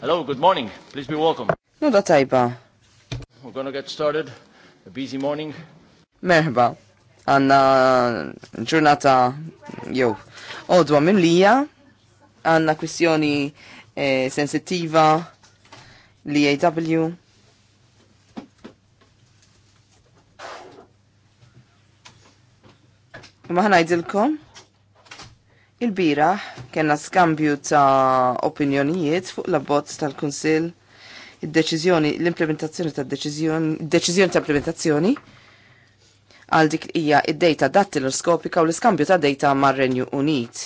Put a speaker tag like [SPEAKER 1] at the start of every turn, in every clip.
[SPEAKER 1] Hello, good morning. Please be welcome.
[SPEAKER 2] No da tajba.
[SPEAKER 3] We're gonna get started. A busy morning.
[SPEAKER 2] Merħba. Anna ġurnata, jow, odwa mimlija, għanna kwistjoni eh, sensittiva li AW. Ma ħanajdilkom? Il-bira kena skambju ta' opinjonijiet fuq l-abbozz tal-Kunsil id-deċizjoni, l-implementazzjoni ta' deċizjoni, deċizjoni ta' implementazzjoni għal dik hija id l dattiloskopika u l-iskambju ta' dejta mar-Renju Unit.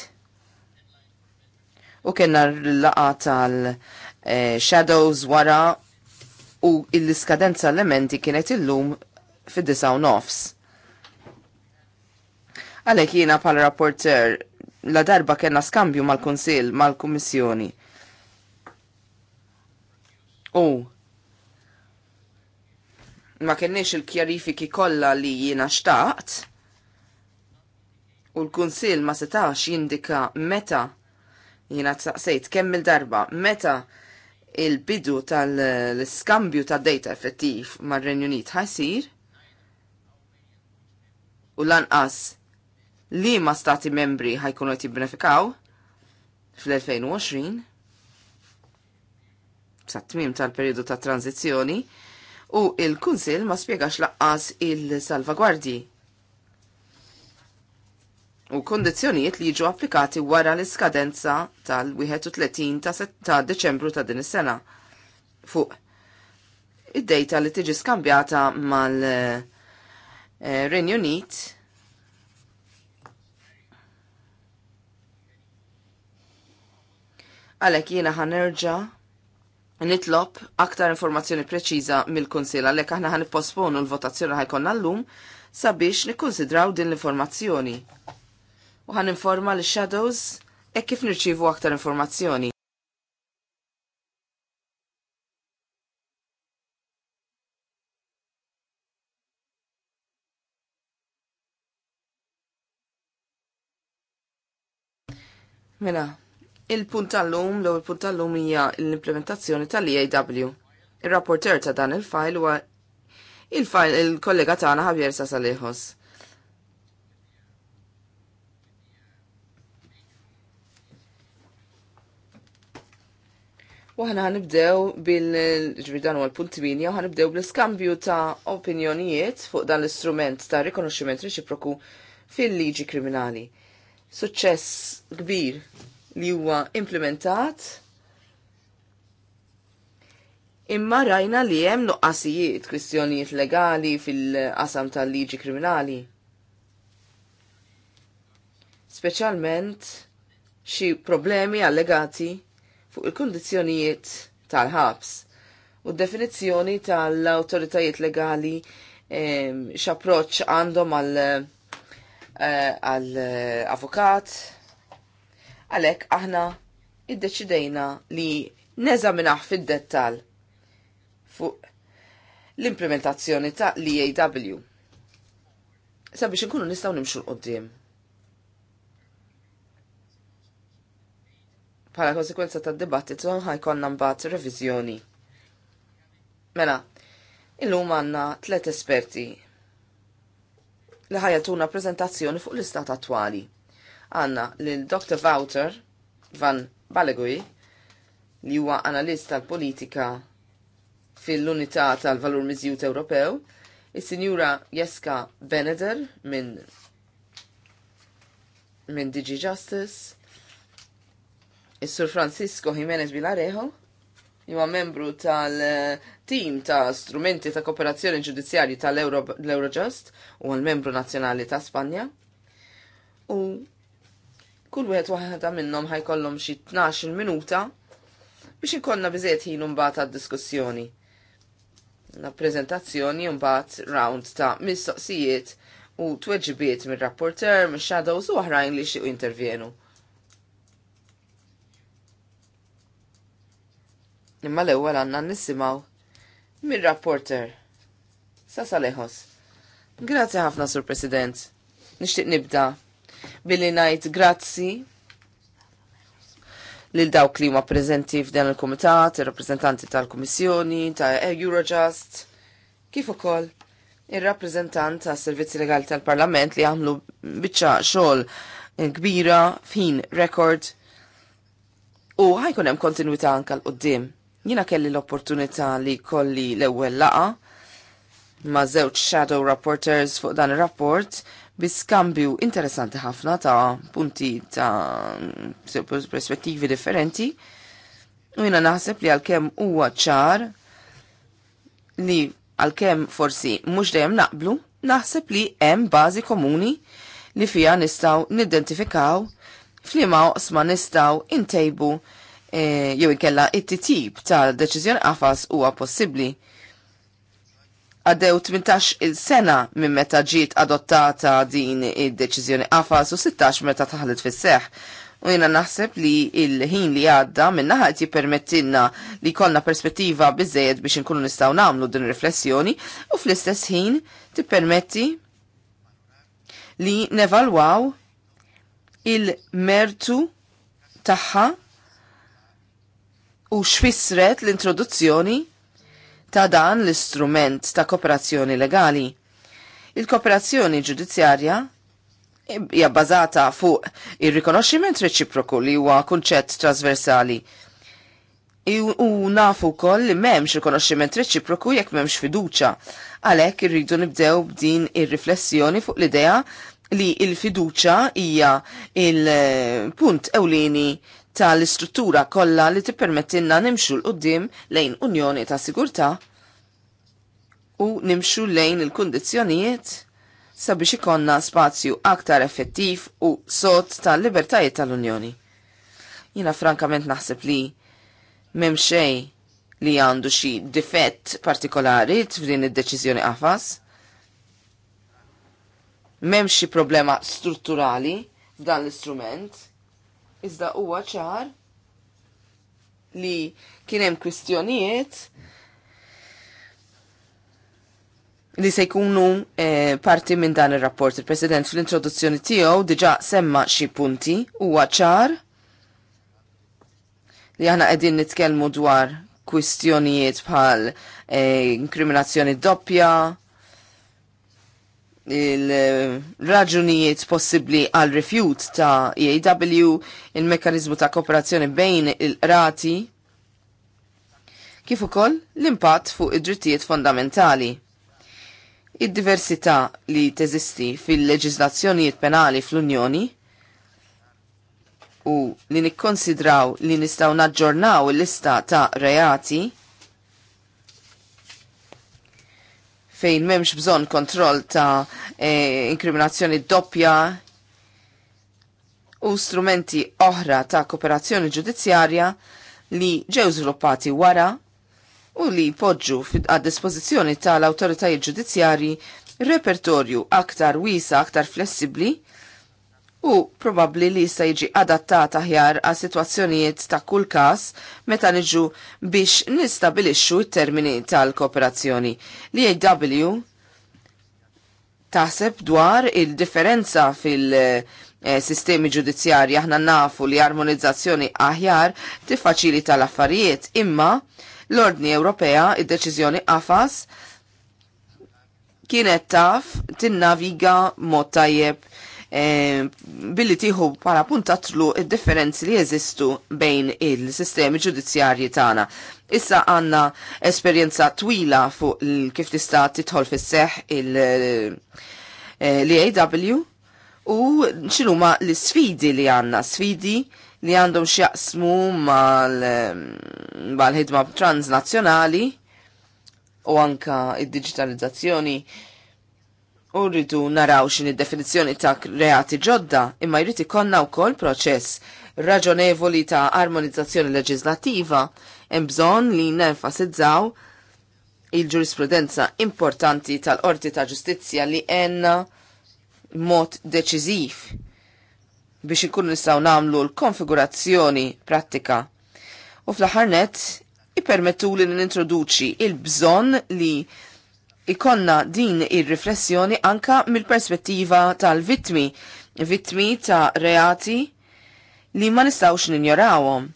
[SPEAKER 2] U kena l-laqa tal-Shadows eh, wara u l-iskadenza elementi kienet illum fid disaw nofs. Għalek jina pal rapporter la darba kena skambju mal-Konsil, mal komissjoni U ma kenniex il-kjarifiki kollha li jina xtaqt u l-Kunsil ma setax jindika meta jiena saqsejt kemm il-darba meta il-bidu tal-skambju ta' data effettiv mar renju Unit ħasir u lanqas li ma stati membri ħajkunu qed jibbenefikaw fl-2020 sa' tmim tal-periodu ta' tranzizjoni u il-Kunsil ma spiegax laqqas il-salvagwardji u kondizjonijiet li jiġu applikati wara l-iskadenza tal-31 ta', ta Deċembru ta' din is-sena fuq id-dejta li tiġi skambjata mal-Renju eh, Unit Għalek jiena ħanerġa nitlob aktar informazzjoni preċiża mill-Kunsil għalhekk aħna ħan nipposponu l-votazzjoni ħajkonna llum sabiex nikkonsidraw din l-informazzjoni. U ħan informa l shadows e kif nirċivu aktar informazzjoni. Mela, Il-punt tal-lum, l il-punt tal-lum hija l-implementazzjoni tal-EAW. Il-rapporter ta' dan il-fajl huwa il-fajl il-kollega tagħna Javier Sasalejos. Waħna ħanibdew bil-ġvidan u għal-punt minja, ħanibdew bl-skambju ta' opinjonijiet fuq dan l-istrument ta' rikonoxximent reċiproku fil-liġi kriminali. Suċċess kbir li huwa implementat imma rajna li hemm nuqqasijiet kwistjonijiet legali fil-qasam tal-liġi kriminali. Speċjalment xi problemi allegati fuq il-kundizzjonijiet tal-ħabs u d-definizzjoni tal-awtoritajiet legali x'approċċ għandhom għal eh, eh, avukat Għalek aħna iddeċidejna li neżaminaħ fid-dettal fuq l-implementazzjoni ta' l-EAW. Sabiex nkunu nistaw nimxu l-qoddim. Pala konsekwenza ta' dibattitu ħajkonna mbagħad reviżjoni. Mela, illum għandna tliet esperti li ħajatuna prezentazzjoni fuq l-istat attwali għanna lil Dr. Wouter van Balegui li huwa analist tal-politika fil-Unità tal-Valur Miżjut Ewropew, is-Sinjura Jeska Beneder minn min Digi Justice, is-Sur Francisco Jimenez li huwa membru tal-tim ta' strumenti ta' kooperazzjoni ġudizzjarji tal-Eurojust u għal-membru nazzjonali ta' Spanja. U Kull wieħed waħda minnhom ħajkollhom xi 12 minuta biex ikollna biżejjed ħin imbagħad għad-diskussjoni. Na preżentazzjoni mbagħad round ta' mistoqsijiet u tweġibiet mir-rapporter, mix-shadows u oħrajn li xiequ intervjenu. imma l-ewwel għandna nisimgħu mir-rapporter Sasa Leħos. Grazzi ħafna, Sur President. Nixtieq nibda billi ngħid grazzi lil dawk li huma preżenti f'dan il-kumitat, ir-rappreżentanti tal-Kummissjoni, ta' Eurojust, kif ukoll ir-rappreżentant tas servizzi legali tal-Parlament li għamlu biċċa xogħol kbira fin rekord u ħajkun hemm kontinwità anke l qudiem Jiena kelli l-opportunità li kolli l-ewwel laqa ma' żewġ shadow rapporters fuq dan ir-rapport biskambju interessanti ħafna ta' punti ta' perspettivi differenti. U jina naħseb li għal-kem huwa ċar li għal-kem forsi mux dejjem naqblu, naħseb li hemm bażi komuni li fija nistaw nidentifikaw flima oqsma nistaw intejbu eh, jew ikella it tip ta' deċiżjoni qafas huwa possibbli għaddew 18 il-sena minn meta ġiet adottata din id-deċiżjoni qafas u 16 meta taħlet fis-seħ. U jina naħseb li il-ħin li għadda minna ħajt jipermettinna li kollna perspettiva bizzejed biex nkunu nistaw namlu din riflessjoni u fl-istess ħin tippermetti li nevalwaw il-mertu taħħa u xfissret l-introduzzjoni ta' dan l-istrument ta' kooperazzjoni legali. Il-kooperazzjoni ġudizzjarja hija bbażata fuq ir-rikonoxximent reċiproku li huwa kunċett trasversali. U nafu koll li memx rikonoxximent reċiproku jekk memx fiduċa. Għalhekk irridu nibdew b'din ir-riflessjoni fuq l-idea li il-fiduċa hija il-punt ewlieni tal-istruttura kollha li tippermettilna nimxu l qudiem lejn Unjoni ta' Sigurtà u nimxu lejn il-kundizzjonijiet sabiex ikonna spazju aktar effettiv u sod tal-libertajiet tal-Unjoni. Jina frankament naħseb li memxej li għandu xi difett partikolari f'din id-deċiżjoni qafas. Memxi problema strutturali f'dan l-istrument Iżda huwa ċar li kien hemm kwistjonijiet li se jkunu eh, parti minn dan ir-rapport. Il president fl-introduzzjoni tiegħu diġà semma xi punti huwa ċar li aħna qegħdin nitkellmu dwar kwistjonijiet bħal eh, inkriminazzjoni doppja, il-raġunijiet possibli għal refjut ta' EAW, il mekanizmu ta' kooperazzjoni bejn il-rati, kif ukoll l-impatt fuq id-drittijiet fondamentali. Id-diversità li teżisti fil leġizlazzjonijiet penali fl-Unjoni u li nikkonsidraw li nistaw naġġornaw il-lista ta' reati fejn memx bżon kontroll ta' eh, inkriminazzjoni doppja u strumenti oħra ta' kooperazzjoni ġudizzjarja li ġew żviluppati wara u li poġġu għad dispożizzjoni tal-awtoritajiet ġudizzjarji repertorju aktar wisa, aktar flessibli u probabli li jista' jiġi adattat aħjar għal sitwazzjonijiet ta' kull każ meta niġu biex nistabilixxu t-termini tal-kooperazzjoni. l aw taħseb dwar il-differenza fil- sistemi ġudizzjarji aħna nafu li armonizzazzjoni aħjar tiffaċilita l-affarijiet imma l-Ordni Ewropea id-deċiżjoni Afas kienet taf tinnaviga mod tajjeb billi tieħu bħala puntatlu il differenzi li jeżistu bejn il-sistemi ġudizzjarji tagħna. Issa għandna esperjenza twila fuq kif tista' titħol fis-seħ il-AW eh, u x'inhuma l-sfidi li għandna, sfidi li għandhom xjaqsmu mal-ħidma transnazzjonali u anka id-digitalizzazzjoni U rridu naraw xin id-definizzjoni ta' reati ġodda, imma jrid ikonna wkoll proċess raġonevoli ta' armonizzazzjoni leġislattiva, hemm bżonn li nenfasizzaw il-ġurisprudenza importanti tal-Qorti ta' Ġustizzja li għenna mod deċiżiv biex ikun nistgħu nagħmlu l-konfigurazzjoni prattika. U fl-aħħar nett ippermettu li nintroduċi il-bżonn li ikonna din ir-riflessjoni anka mill-perspettiva tal-vittmi, vittmi ta' reati li ma nistawx ninjorawhom.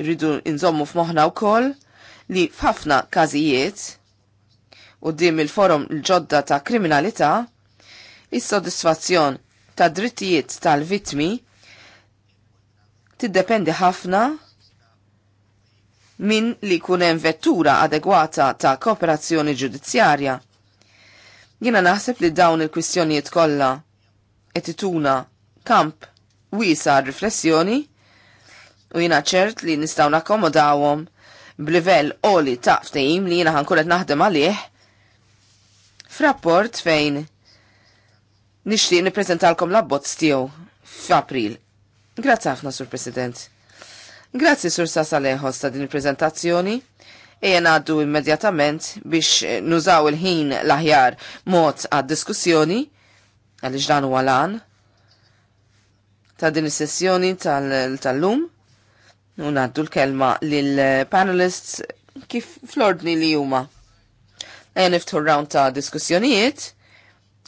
[SPEAKER 2] Rridu nżommu f'moħħna wkoll li f'ħafna każijiet u dim il-forum l-ġodda ta' kriminalità, is-sodisfazzjon ta' drittijiet tal-vittmi tiddependi ħafna minn li kunem vettura adegwata ta' kooperazzjoni ġudizzjarja. Jina naħseb li dawn il-kwistjonijiet kollha etituna kamp wisa riflessjoni u jina ċert li nistaw nakkomodawhom b'livell oli ta' ftehim li jina qed naħdem għalih f'rapport fejn nixtieq nippreżentalkom l-abbozz tiegħu f'April. Grazzi ħafna, Sur President. Grazzi Sur Sasaleħos ta' din il-prezentazzjoni. Ejja għaddu immedjatament biex nużaw il-ħin l-aħjar mod għad-diskussjoni għaliex dan huwa lan ta' din is-sessjoni tal-lum. U ngħaddu l-kelma lill-panelists kif flordni li huma. Ejja niftu round ta' diskussjonijiet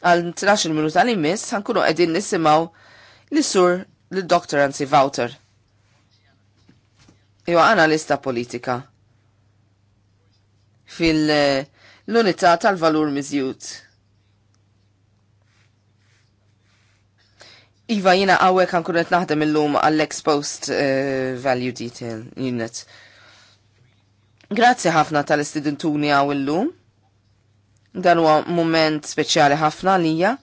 [SPEAKER 2] għal 13 minuta li miss ħankunu qegħdin nisimgħu l-sur l-doktor Ansi Vouter. Iwa analista politika fil-unità tal-valur miżjut. Iva jina għawek għan kunet naħdem il-lum għall ex uh, eh, value detail unit. Grazzi ħafna tal-istudentuni għaw il-lum. Dan huwa moment speċjali ħafna lija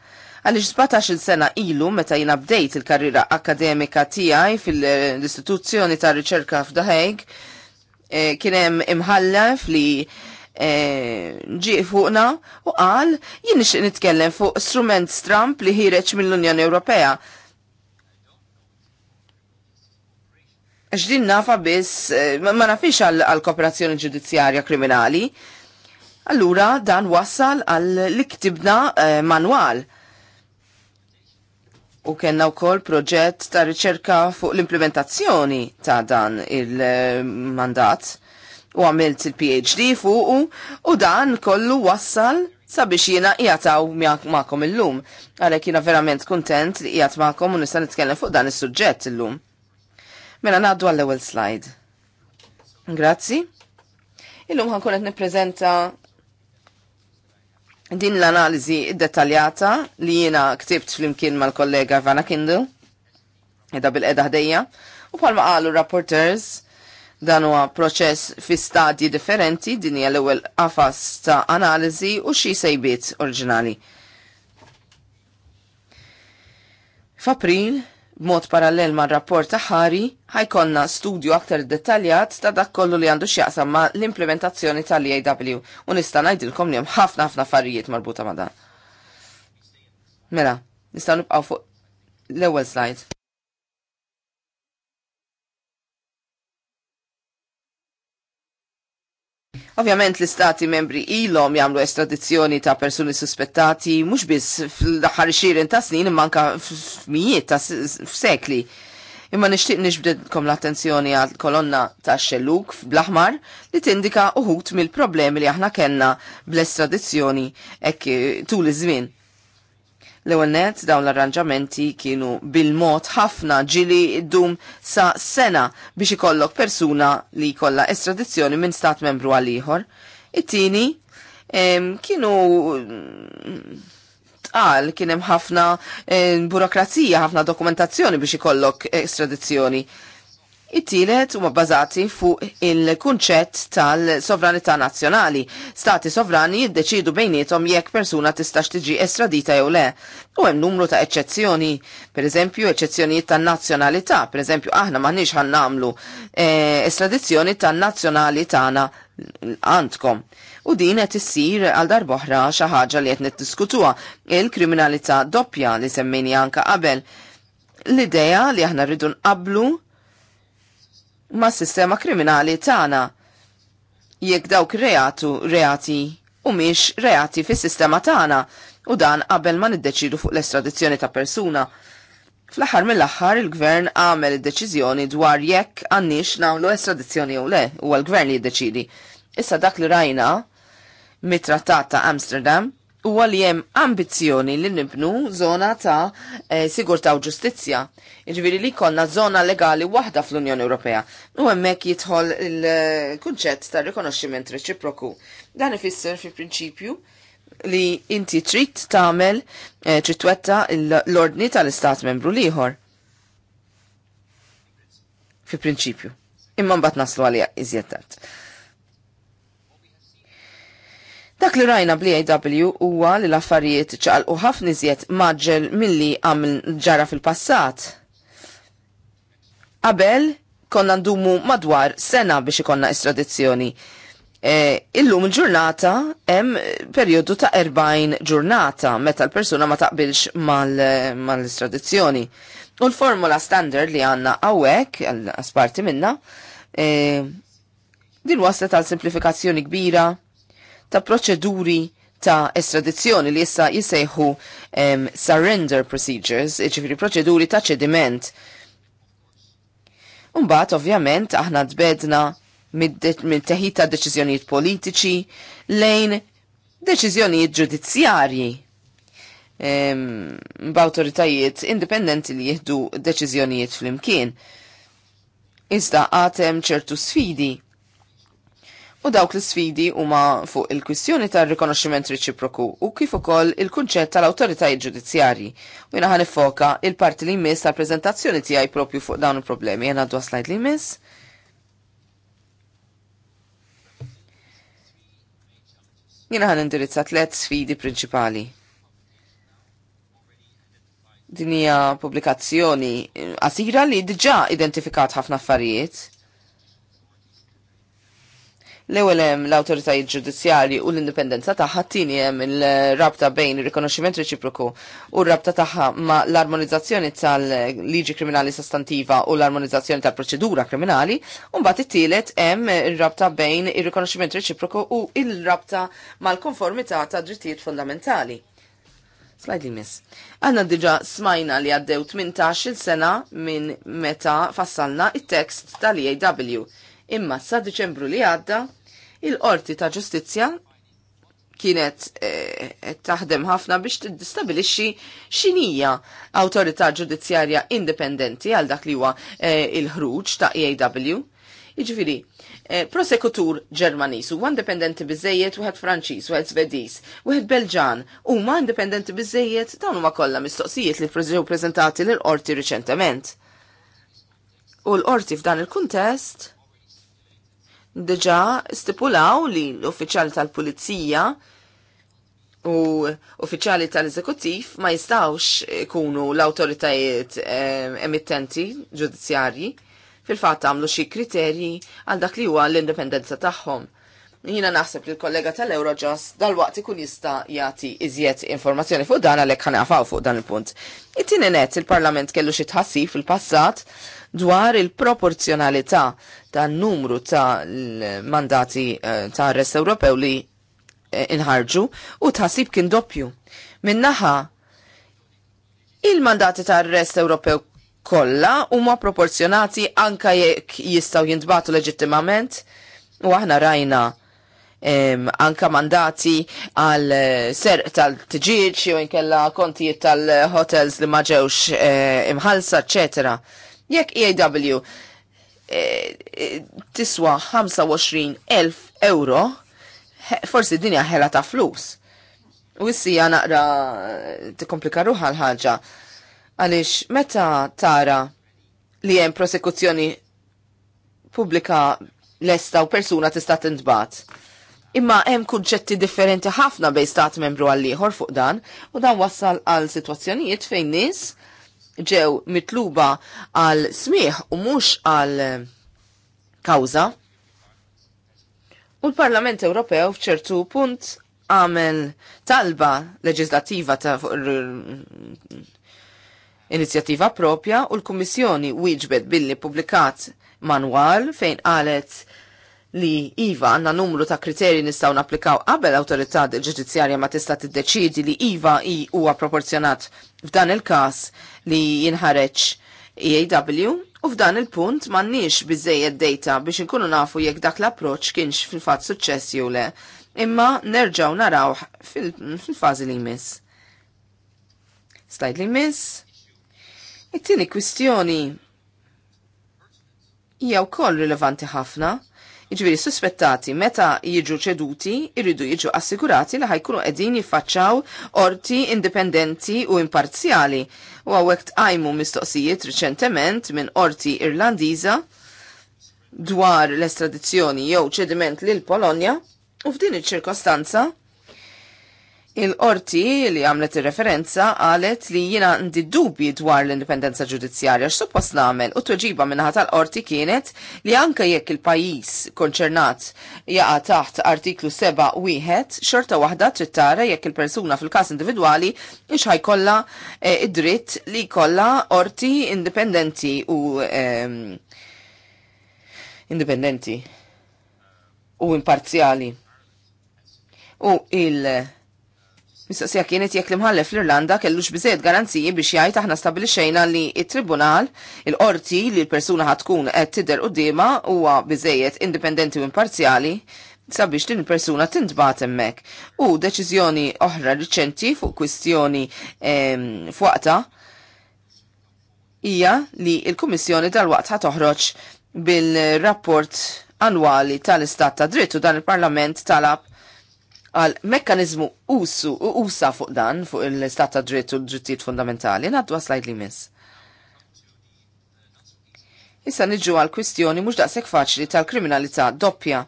[SPEAKER 2] Għaliex 17 sena ilu meta jina bdejt il-karriera akademika tiegħi fil-istituzzjoni ta' riċerka f'Daheg eh, kienem kien hemm imħallef li eh, ġi fuqna u qal jien nixtieq nitkellem fuq strument stramp li ħireċ mill-Unjoni Ewropea. X'din nafa biss eh, ma nafix għal kooperazzjoni ġudizzjarja kriminali. Allura dan wassal għal li ktibna manwal U kena u kol proġett ta' riċerka fuq l-implementazzjoni ta' dan il-mandat u għamilt il-PhD fuq u, u dan kollu wassal sabiex jiena jgħataw ma'kom il-lum. Għalek jina verament kontent li jgħat ma'kom u nista' nitkellem fuq dan il-sujġett il-lum. Mela naddu għall ewwel slide. Grazzi. Il-lum ħankunet niprezenta din l-analizi dettaljata li jiena ktibt flimkien mal-kollega Ivana Kindle edha bil-edha ħdejja, u palma għalu rapporters dan huwa proċess fi stadji differenti din hija l-ewwel qafas ta' analiżi u xi sejbiet oriġinali. F'April mod parallel ma' rapport ta' ħari, ħajkonna studju aktar dettaljat ta' dak kollu li għandu xjaqsam ma' l-implementazzjoni tal-EAW u nista' ngħidilkom li hemm ħafna ħafna affarijiet marbuta ma' dan. Mela, nistgħu nibqgħu fuq l-ewwel slide. Ovvjament l-istati membri ilhom jagħmlu estradizzjoni ta' persuni suspettati mhux biss fl-aħħar xirin ta' snin imma anke f'mijiet ta' f'sekli. Imma nixtieq nixbdedkom l-attenzjoni għal kolonna ta' xelluk bl-aħmar li tindika uħut mill-problemi li aħna kellna bl-estradizzjoni hekk tul iż-żmien. L-ewwel net dawn l-arranġamenti kienu bil-mod ħafna ġili dum sa sena biex ikollok persuna li jkollha estradizzjoni minn stat membru għal ieħor. It-tieni kienu mm, tqal kien hemm ħafna burokrazija, ħafna dokumentazzjoni biex ikollok estradizzjoni. It-tielet huma bbażati fuq il-kunċett tal-sovranità nazzjonali. Stati sovrani jiddeċidu bejnietom jekk persuna tistax tiġi estradita jew le. U hemm numru ta' eċċezzjoni, pereżempju eċċezzjonijiet tan nazzjonalità, pereżempju aħna m'aħniex ħan nagħmlu eh, estradizzjoni tan nazzjonali tagħna għandkom. U din qed issir għal darboħra xi ħaġa li qed niddiskutuha il-kriminalità doppja li semmejni anka qabel. L-idea li aħna rridu nqablu ma' sistema kriminali tagħna jekk dawk reatu reati u miex reati fis sistema tagħna u dan qabel ma niddeċidu fuq l-estradizzjoni ta' persuna. Fl-aħħar mill-aħħar il-gvern għamel id-deċiżjoni dwar jekk għanniex nagħmlu estradizzjoni jew le, U l-gvern li jiddeċidi. Issa dak li rajna mit-trattat ta' Amsterdam U għaljem ambizjoni ambizzjoni li nibnu zona ta' e, sigurtà u ġustizzja. Jiġifieri li jkollna zona legali waħda fl-Unjoni Ewropea. U hemmhekk jidħol il-kunċett ta' rikonoxximent reċiproku. Dan ifisser fi prinċipju li inti trid tagħmel e, eh, tritwetta l-ordni tal-istat membru liħor. Fi prinċipju. Imma mbagħad naslu għalija iżjettart. Dak li rajna bli aw huwa li l-affarijiet ċalqu ħafna iżjed maġġel milli għamil ġara fil-passat. Qabel konna ndumu madwar sena biex ikonna estradizzjoni. E, illum il-ġurnata hemm perjodu ta' 40 ġurnata meta l-persuna ma taqbilx mal istradizzjoni Mal U l-formula standard li għanna għawek, għasparti minna, e, din waslet għal simplifikazzjoni kbira, ta' proċeduri ta' estradizzjoni li issa jisejħu um, surrender procedures, ġifiri proċeduri ta' ċediment. Umbat, ovvjament, aħna tbedna mid-teħid ta' deċiżjonijiet politiċi lejn deċiżjonijiet ġudizzjarji um, b'awtoritajiet indipendenti li jieħdu deċiżjonijiet fl-imkien. Iżda għatem ċertu sfidi u dawk l-sfidi huma fuq il-kwistjoni tar-rikonoxximent reċiproku u kif ukoll il-kunċett tal-awtoritajiet ġudizzjarji. U jiena nifoka il-parti li jmiss tal-preżentazzjoni tiegħi propju fuq dawn il-problemi. Jena għaddu slajd li jmiss. Jiena ħan indirizza tliet sfidi prinċipali. Din hija pubblikazzjoni qasira li diġà identifikat ħafna affarijiet L-ewwel hemm l-awtoritajiet ġudizzjali u l-indipendenza tagħha, tieni hemm il-rabta bejn ir-rikonoxximent reċiproku u r-rabta tagħha ma' l-armonizzazzjoni tal-liġi kriminali sostantiva u l-armonizzazzjoni tal-proċedura kriminali, u mbagħad it-tielet hemm ir-rabta bejn ir-rikonoxximent reċiproku u il-rabta mal-konformità ta' drittijiet fondamentali. Slajd miss. Għanna diġa smajna li għaddew 18 sena minn meta fassalna it-tekst tal-EAW Imma sa Diċembru li għadda, il-Qorti ta' Ġustizzja kienet e, taħdem ħafna biex tistabilixxi xinija awtorità ġudizzjarja indipendenti għal dak li huwa e, il-ħruġ ta' EAW. Iġviri, e, eh, prosekutur Ġermanis huwa indipendenti biżejjed wieħed Franċiż, wieħed Svediż, wieħed Belġan huma indipendenti bizzejiet, dawn huma kollha mistoqsijiet li preżew preżentati l qorti riċentement. U l-qorti f'dan il-kuntest diġa stipulaw li l-uffiċjali tal-pulizija u uffiċjali tal-eżekutiv ma jistawx ikunu l-autoritajiet emittenti ġudizzjarji fil-fatt għamlu xi kriterji għal dak li huwa l-indipendenza tagħhom. Jina naħseb li l-kollega tal-Eurojust dal-waqt ikun jista jagħti iżjed informazzjoni fuq dan għalhekk ħanafaw fuq dan il-punt. It-tieni net il-Parlament kellu xi tħassib fil-passat dwar il-proporzjonalità tan numru ta' mandati eh, ta' arrest Ewropew li eh, inħarġu u tħassib kien doppju. Minnaħa il-mandati ta' arrest Ewropew kollha huma proporzjonati anka jekk jistgħu jintbatu leġittimament u aħna rajna em, anka mandati għal eh, ser tal-tġiġ jew inkella kontijiet tal-hotels li ma ġewx imħalsa, eccetera. Jekk EAW eh, eh, tiswa 25.000 euro, forsi dinja ħela ta' flus. U issija naqra eh, tikkomplika ruħa l-ħaġa. Għaliex meta tara li hemm prosekuzzjoni pubblika lesta u persuna tista' tintbat. Imma hemm kunċetti differenti ħafna bejn stat membru għal ieħor fuq dan u dan wassal għal sitwazzjonijiet fejn nies ġew mitluba għal smieħ u mhux għal eh, kawza. U l-Parlament Ewropew f'ċertu punt għamel talba leġislativa ta' inizjattiva propja u l-Kummissjoni wieġbet billi publikat manwal fejn qalet li Iva għanna numru ta' kriteri nistaw naplikaw qabel autorità ġudizzjarja ma tista' tiddeċidi li Iva i huwa proporzjonat f'dan il-każ li jinħareġ EAW u f'dan il-punt m'għandniex biżejjed data biex inkunu nafu jekk dak l-approċċ kienx fil-fatt suċċess jew le, imma nerġgħu naraw fil-fażi li jmiss. Slide li jmiss. It-tieni kwistjoni hija wkoll rilevanti ħafna Iġviri suspettati meta jiġu ċeduti irridu jiġu assigurati li ħajkunu qegħdin jiffaċċaw orti indipendenti u imparzjali. U għawek tqajmu mistoqsijiet riċentement minn orti Irlandiża dwar l-estradizzjoni jew ċediment lil Polonja u f'din iċ-ċirkostanza Il-qorti li għamlet il-referenza għalet li jina ndi dubji dwar l-indipendenza ġudizzjarja x-suppost namel u tuġiba minnaħa tal-qorti kienet li anka jekk il-pajis konċernat jaqa taħt artiklu 7 wieħed xorta waħda trittara jekk il-persuna fil-kas individuali ix kolla eh, id-dritt li kolla qorti indipendenti u ehm, indipendenti u imparzjali. U il- Mistoqsija kienet jekk l-imħallef l-Irlanda kellux biżejt garanziji biex jgħid aħna stabilixxejna li t tribunal il-qorti li l-persuna ħatkun qed tidher quddiemha huwa biżejjed indipendenti u imparzjali sabiex din il-persuna tintbat hemmhekk. U deċiżjoni oħra riċenti fuq kwistjoni fuqta hija li il-Kummissjoni dal-waqt ħatoħroġ bil-rapport annwali tal-Istat ta' dritt u dan il-Parlament talab għal mekkanizmu usu u usa fuq dan fuq il-stat ta' dritt u drittijiet fundamentali naddu għaslajt li miss. Issa niġu għal kwistjoni mhux daqshekk faċli tal-kriminalità doppja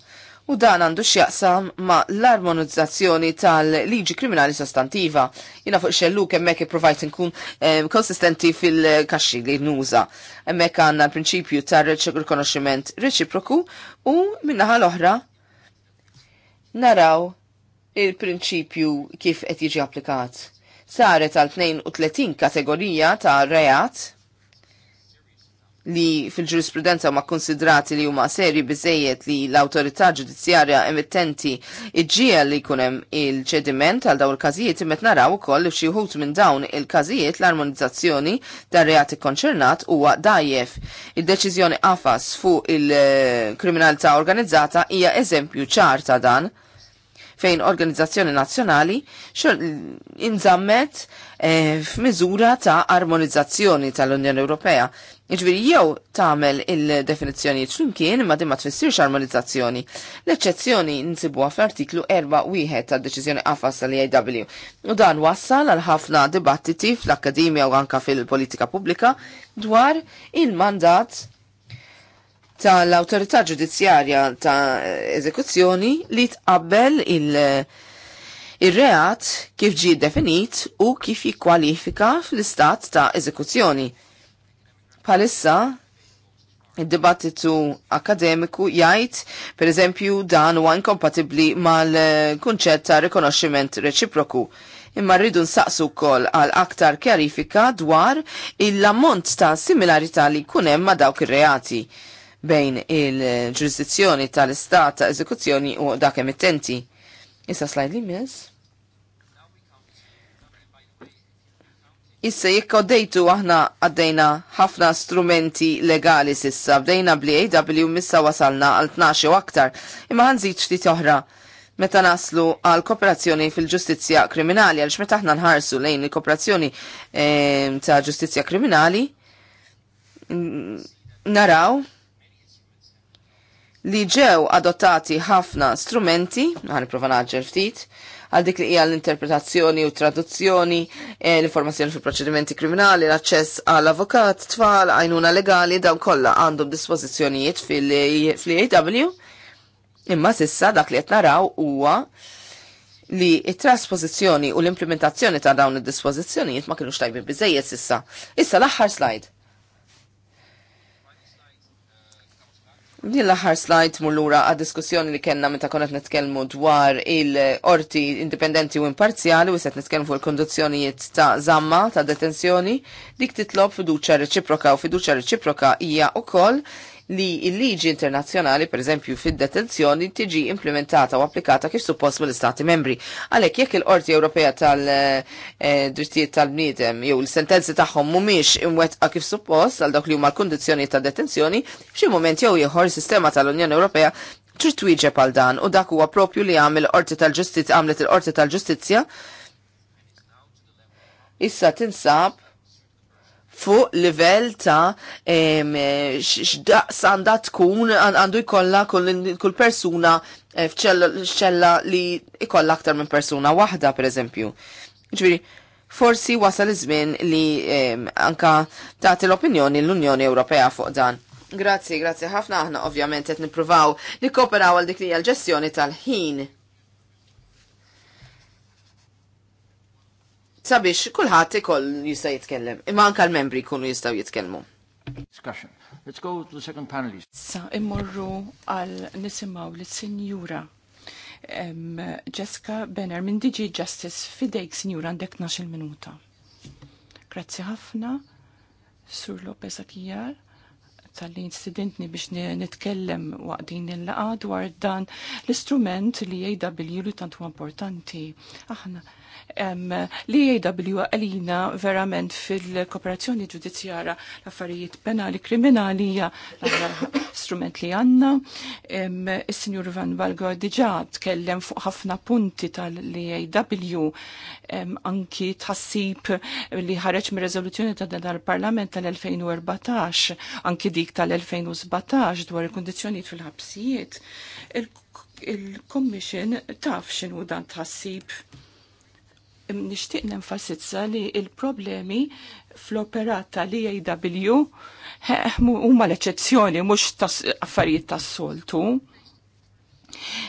[SPEAKER 2] u dan għandu x'jaqsam ma l-armonizzazzjoni tal-liġi kriminali sostantiva. Jina fuq kemmek i ipprovajt nkun eh, konsistenti fil-kaxxi li nuża. Hemmhekk għandna l-prinċipju tar-rikonoxximent reċiproku u minnaħal l-oħra naraw il-prinċipju kif qed jiġi applikat. Saret għal 32 kategorija ta' reat li fil-ġurisprudenza ma konsidrati li huma seri biżejjed li l autorità ġudizzjarja emittenti iġġiel li kunem il-ċediment għal daw il-każijiet imet naraw ukoll li f'xi minn dawn il-każijiet l-armonizzazzjoni tar-reati konċernat huwa dajjef. Id-deċiżjoni qafas fuq il-kriminalità organizzata hija eżempju ċar ta' dan fejn organizzazzjoni nazzjonali inżammet e, f'miżura ta' armonizzazzjoni tal-Unjoni Ewropea. Iġviri jew tagħmel il-definizzjoni flimkien imma din ma tfissirx armonizzazzjoni. L-eċċezzjoni nsibuha fl-artiklu 4 tad-deċiżjoni Afas tal-EIW. U dan wassal għal ħafna dibattiti fl-akkademja u anka fil-politika pubblika dwar il-mandat tal-autorità ġudizzjarja ta' eżekuzzjoni li tqabbel il-reat kif ġi definit u kif jikkwalifika fl-istat ta' eżekuzzjoni. Palissa, id-dibattitu akademiku jgħid, per eżempju, dan huwa inkompatibbli mal-kunċett ta' rikonoxximent reċiproku imma rridu nsaqsu wkoll għal aktar kjarifika dwar il-ammont ta' similarità li jkun hemm ma' dawk ir-reati bejn il-ġurisdizzjoni tal-istat ta' eżekuzzjoni u dak emittenti. Issa slajd li mis. Issa jekk għoddejtu aħna għaddejna ħafna strumenti legali sissa, bdejna bli aw missa wasalna għal 12 u aktar, imma għanżit xtit oħra meta naslu għal kooperazzjoni fil-ġustizzja kriminali, għalx meta aħna nħarsu lejn il-kooperazzjoni eh, ta' ġustizzja kriminali, naraw li ġew adottati ħafna strumenti, għan prova naġġer ftit, għal dik li hija l-interpretazzjoni u traduzzjoni, e, l-informazzjoni fil proċedimenti kriminali, l-aċċess għall avukat tfal, għajnuna legali, dawn kollha għandhom dispożizzjonijiet fil aw Imma sissa dak li qed naraw huwa li it-trasposizzjoni u l-implementazzjoni ta' dawn id-dispożizzjonijiet ma kienux tajbin biżejjed sissa. Issa l-aħħar slide. Din l-aħħar slide mullura għad diskussjoni li kellna meta konet nitkellmu dwar il-orti indipendenti u imparzjali u set nitkellmu fuq il-kondizzjonijiet ta' zamma ta' detenzjoni dik titlob fiduċa reċiproka u fiduċa reċiproka hija ukoll li il-liġi internazzjonali, per eżempju, fid-detenzjoni tiġi implementata u applikata kif suppost mill-Istati membri. Għalhekk jekk il-Qorti Ewropea tal-Drittijiet eh, tal-Bniedem jew l-sentenzi tagħhom mhumiex imwettqa kif suppost għal dak li huma l-kundizzjoni ta' detenzjoni, f'xi mument jew ieħor sistema tal-Unjoni Ewropea trid twieġeb għal dan u dak huwa propju li għamil qorti tal-ġustizzja għamlet il-Qorti tal-Ġustizzja issa tinsab fuq livell ta' eh, x'daqs għandha tkun għandu jkollha kull persuna eh, f'ċella li ikollha aktar minn persuna waħda pereżempju. Ġifieri, forsi wasal iż-żmien li anka tagħti l-opinjoni l-Unjoni Ewropea fuq dan. Grazzi, grazzi ħafna aħna ovvjament qed nippruvaw nikkooperaw għal dik li l-ġestjoni tal-ħin. sabiex kulħadd ikoll jista' jitkellem, imma anke l-membri jkunu jistgħu jitkellmu.
[SPEAKER 1] Discussion. Let's go to the second panelist. Sa immorru għal nisimgħu lis-Sinjura um, Jessica Benner minn DG Justice fidejk Sinjura għandek 12 minuta. Grazzi ħafna, Sur Lopez Akijar tal-li incidentni biex nitkellem waqdin il laqad dwar dan l-istrument li AW bil tantu importanti. Aħna li jgħidabliwa għalina verament fil-kooperazzjoni ġudizzjara l-affarijiet penali kriminali hija strument li għanna. Is-Sinjur Van Valgo diġà tkellem fuq ħafna punti tal-EAW anki tħassib li ħareġ mir rezoluzzjoni ta' dan parlament tal-2014 anki dik tal-2017 dwar il kondizjoni fil-ħabsijiet il-Commission taf xinu dan tħassib nishtiq nenfasizza li il-problemi fl-operat tal-EAW huma l-eċezzjoni mhux affarijiet tas-soltu.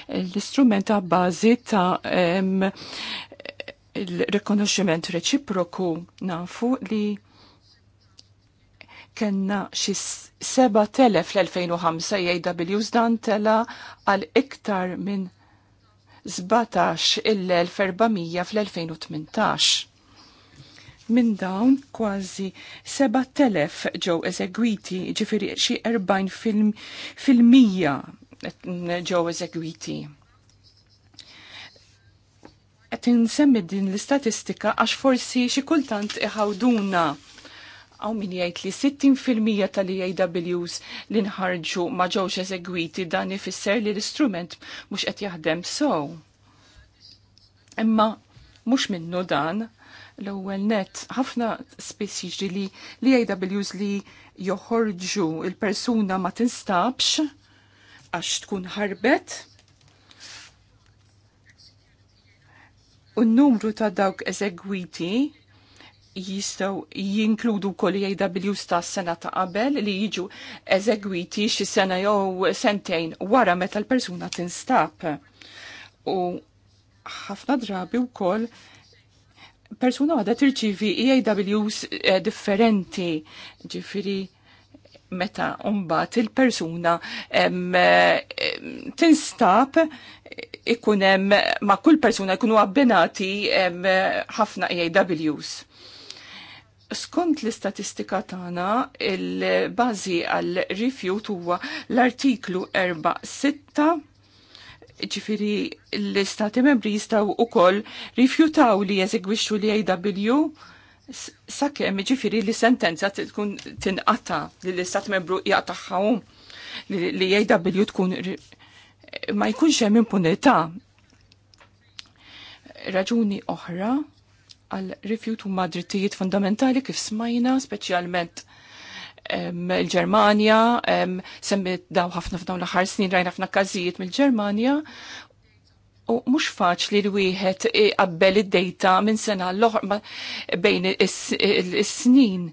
[SPEAKER 1] L-istrument ta' bażi ta' il-rikonoxximent reċiproku nafu li kenna xi 7000 fl-2005 AW dan tela għal iktar minn 17 il-1400 fl-2018. Minn dawn kważi 7000 ġew eżegwiti, ġifiri xi 40 fil-mija ġew eżegwiti. Qed insemmi din l-istatistika għax forsi xi kultant iħawduna għaw min jgħid li 60% tal-EAWs li nħarġu ma ġewx eżegwiti dan ifisser li l-istrument mhux qed jaħdem so. Imma mhux minnu dan l-ewwel net ħafna spiss jiġri li li e AWs li joħorġu il-persuna ma tinstabx għax tkun ħarbet u n-numru ta' dawk eżegwiti jistaw jinkludu kol AWs e ta' sena ta' qabel li jiġu eżegwiti xi sena jew sentejn wara meta l-persuna tinstab. U ħafna drabi wkoll persuna għadha tirċivi EAWs eh, differenti ġifiri meta umbat il-persuna tinstab ikunem ma' kull persuna ikunu abbinati ħafna EAWs. Skont l-istatistika tagħna il-bażi għal rifjut huwa l-artiklu 4-6 ġifiri l-istati membri jistaw u koll rifjutaw li jeżegwixxu li AW sakemm ġifiri li sentenza tkun tinqata li l istati membru jaqtaħħaw li AW tkun ma jkunx hemm impunità raġuni oħra għal rifjut huma drittijiet fundamentali kif smajna, speċjalment il-Ġermanja, semmit daw ħafna f'dawn l-aħħar snin rajna ħafna każijiet mill-Ġermanja, u mhux faċli li wieħed iqabbel id-dejta minn sena l-oħra bejn is-snin.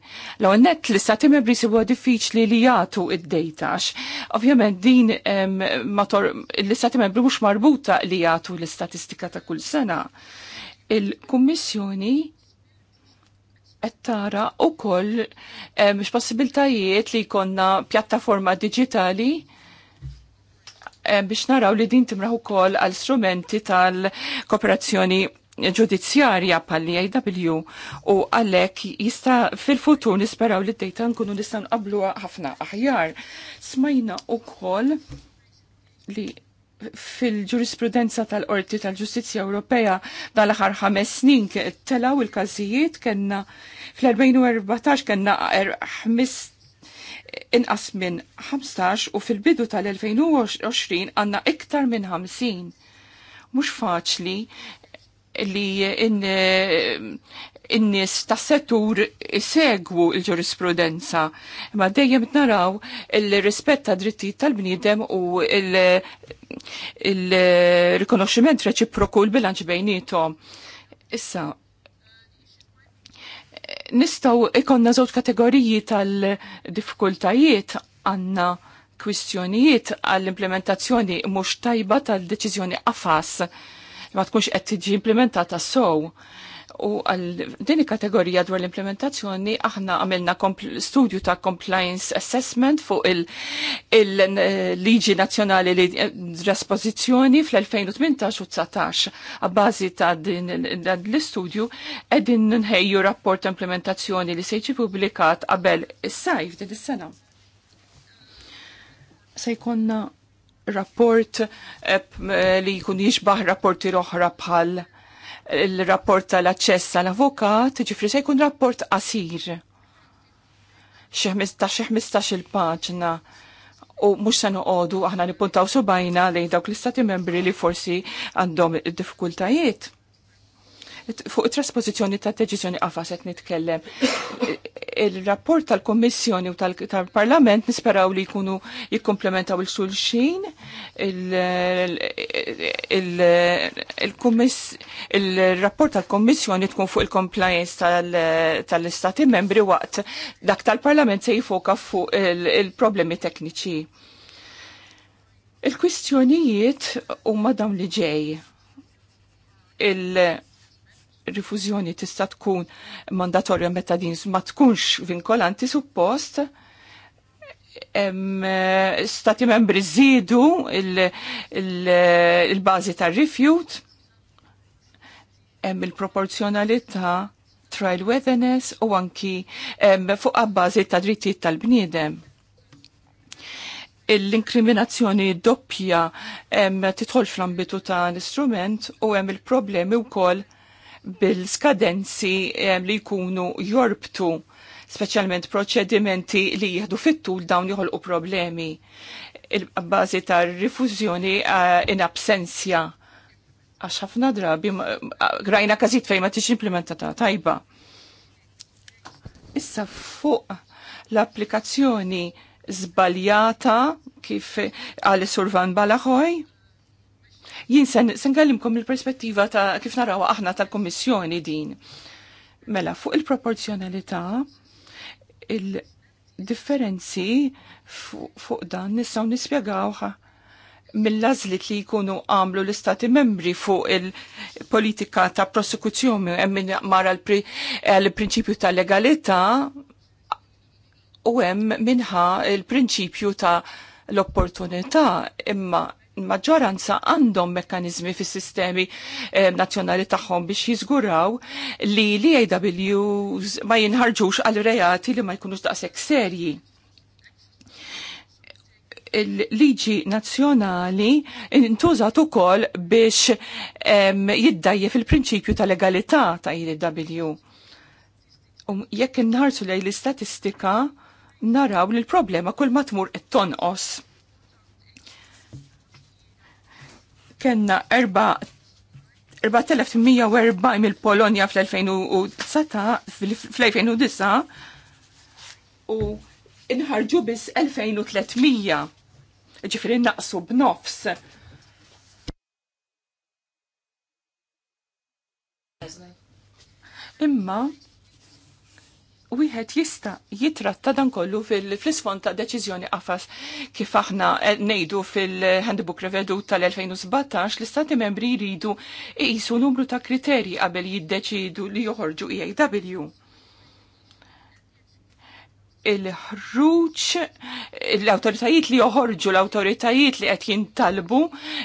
[SPEAKER 1] Law net li stati membri sibu diffiċli li jagħtu id-dejta ovvjament din mator l-istati membri mhux marbuta li jagħtu l-istatistika ta' kull sena il-Kummissjoni qed tara wkoll eh, mhux possibiltajiet li jkollna pjattaforma diġitali eh, biex naraw li din timraħ ukoll għal strumenti tal-kooperazzjoni ġudizzjarja pal IW e u għalek jista fil-futur nisperaw li d-dejta nkunu nistan qablu ħafna aħjar. Smajna u koll li fil-ġurisprudenza tal-Qorti tal-Ġustizzja Ewropea dal-aħħar ħames snin telaw il-każijiet kellna fl-2014 kellna er- inqas minn 15 u fil-bidu tal-2020 għandna iktar minn 50. Mhux faċli li in in-nies tas settur segwu il-ġurisprudenza, ma dejjem naraw il-rispett ta' drittijiet tal-bniedem u il-rikonoxximent reċiproku l-bilanċ bejnietom. Issa, nistaw ikonna żewġ kategoriji tal-diffikultajiet għanna kwistjonijiet għall-implementazzjoni mhux tajba tal-deċiżjoni għafas ma tkunx qed tiġi implementata sow. U għal din kategorija dwar l-implementazzjoni aħna għamilna studju ta' compliance assessment fuq il-liġi il eh, nazjonali li trasposizjoni eh, fl-2018 u 19. Għabbażi ta' din l-istudju edin nħejju rapport implementazzjoni li sejġi publikat qabel is-sajf din is-sena. Sejkonna rapport eh, li jkun jixbaħ rapporti oħra bħal il-rapport tal-aċċess għal-avukat, ġifri se jkun rapport qasir. Xi 15 il-paġna u mhux se noqogħdu aħna nippuntaw subajna lejn dawk l-istati membri li forsi għandhom diffikultajiet fuq trasposizjoni ta' deċiżjoni qafas qed nitkellem. Il-rapport tal-Kommissjoni u tal-Parlament nisperaw li jkunu jikkomplementaw il-xulxin il-rapport tal-Kommissjoni tkun fuq il-compliance tal-Istati membri waqt dak tal-Parlament se jifoka fuq il-problemi tekniċi. Il-kwistjonijiet huma dawn li ġej rifużjoni tista' tkun mandatorja meta din ma tkunx vinkolanti suppost stati membri żidu il-bażi il, il tar-rifjut hemm il-proporzjonalità trial weatherness u anki fuq abbażi ta' drittijiet tal-bniedem l-inkriminazzjoni doppja titħol fl-ambitu ta' l-istrument u hemm il-problemi wkoll bil-skadenzi eh, li jkunu jorbtu specialment proċedimenti li jihdu fit-tul dawn joħolqu problemi il-bazi tar rifużjoni eh, in absenzja għax ħafna drabi grajna kazit fejn ma tix implementata tajba. Issa fuq l-applikazzjoni zbaljata kif għal Survan Balaħoj. Jien sen gallimkom il-perspettiva ta' kif naraw aħna tal-Kommissjoni din. Mela, fuq il-proporzjonalità, il-differenzi fuq dan nistaw nispjegawha mill-lazlit li jkunu għamlu l-istati membri fuq il-politika ta' prosekuzzjoni minn mara l-prinċipju ta' legalità u hemm minħa il-prinċipju ta' l-opportunità imma il-maġġoranza għandhom mekkanizmi fis sistemi eh, nazzjonali tagħhom biex jiżguraw li l AW ma jinħarġux għal reati li ma jkunux daqshekk serji il-liġi nazzjonali intużat ukoll biex jiddajje fil prinċipju ta' legalità ta' IDW. E um, jekk inħarsu lej l-istatistika naraw li l-problema kull ma tmur it-tonqos Kenna 4.140 mill-Polonja fl-2009 fl-2009 u inħarġu bis 2300 ġifri naqsu b'nofs. Imma wieħed jista jitratta dan kollu fil-isfond ta' deċiżjoni qafas kif aħna ngħidu fil-Handbook Revedu tal-2017 l-istati membri jridu jqisu numru ta' kriterji qabel jiddeċidu li joħorġu EAW. Il-ħruġ, l-autoritajiet li joħorġu, l-autoritajiet li qed jintalbu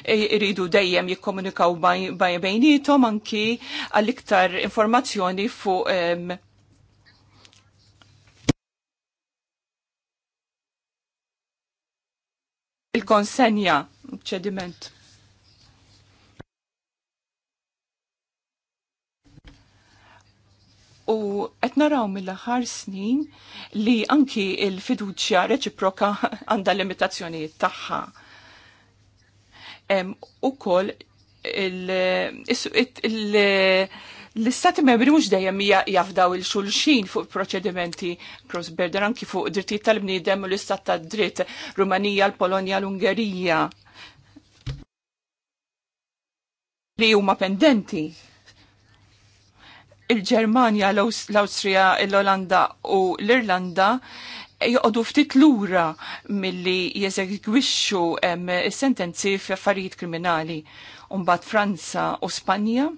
[SPEAKER 1] e, jridu dejjem jikkomunikaw bejnietom anki għall-iktar informazzjoni fuq il-konsenja ċediment. u qed naraw mill-aħħar snin li anki il-fiduċja reċiproka għandha limitazzjonijiet tagħha. Ukoll il-, il, il, il l-istati membri mhux dejjem jafdaw il-xulxin fuq proċedimenti cross-border anki fuq drittijiet tal-bniedem u l-istat tad dritt Rumanija, l-Polonja, l-Ungerija li huma pendenti. Il-Ġermanja, l-Awstrija, l-Olanda u l-Irlanda joqogħdu ftit lura milli jeżegwixxu is-sentenzi f'affarijiet kriminali. Umbat Franza u Spanja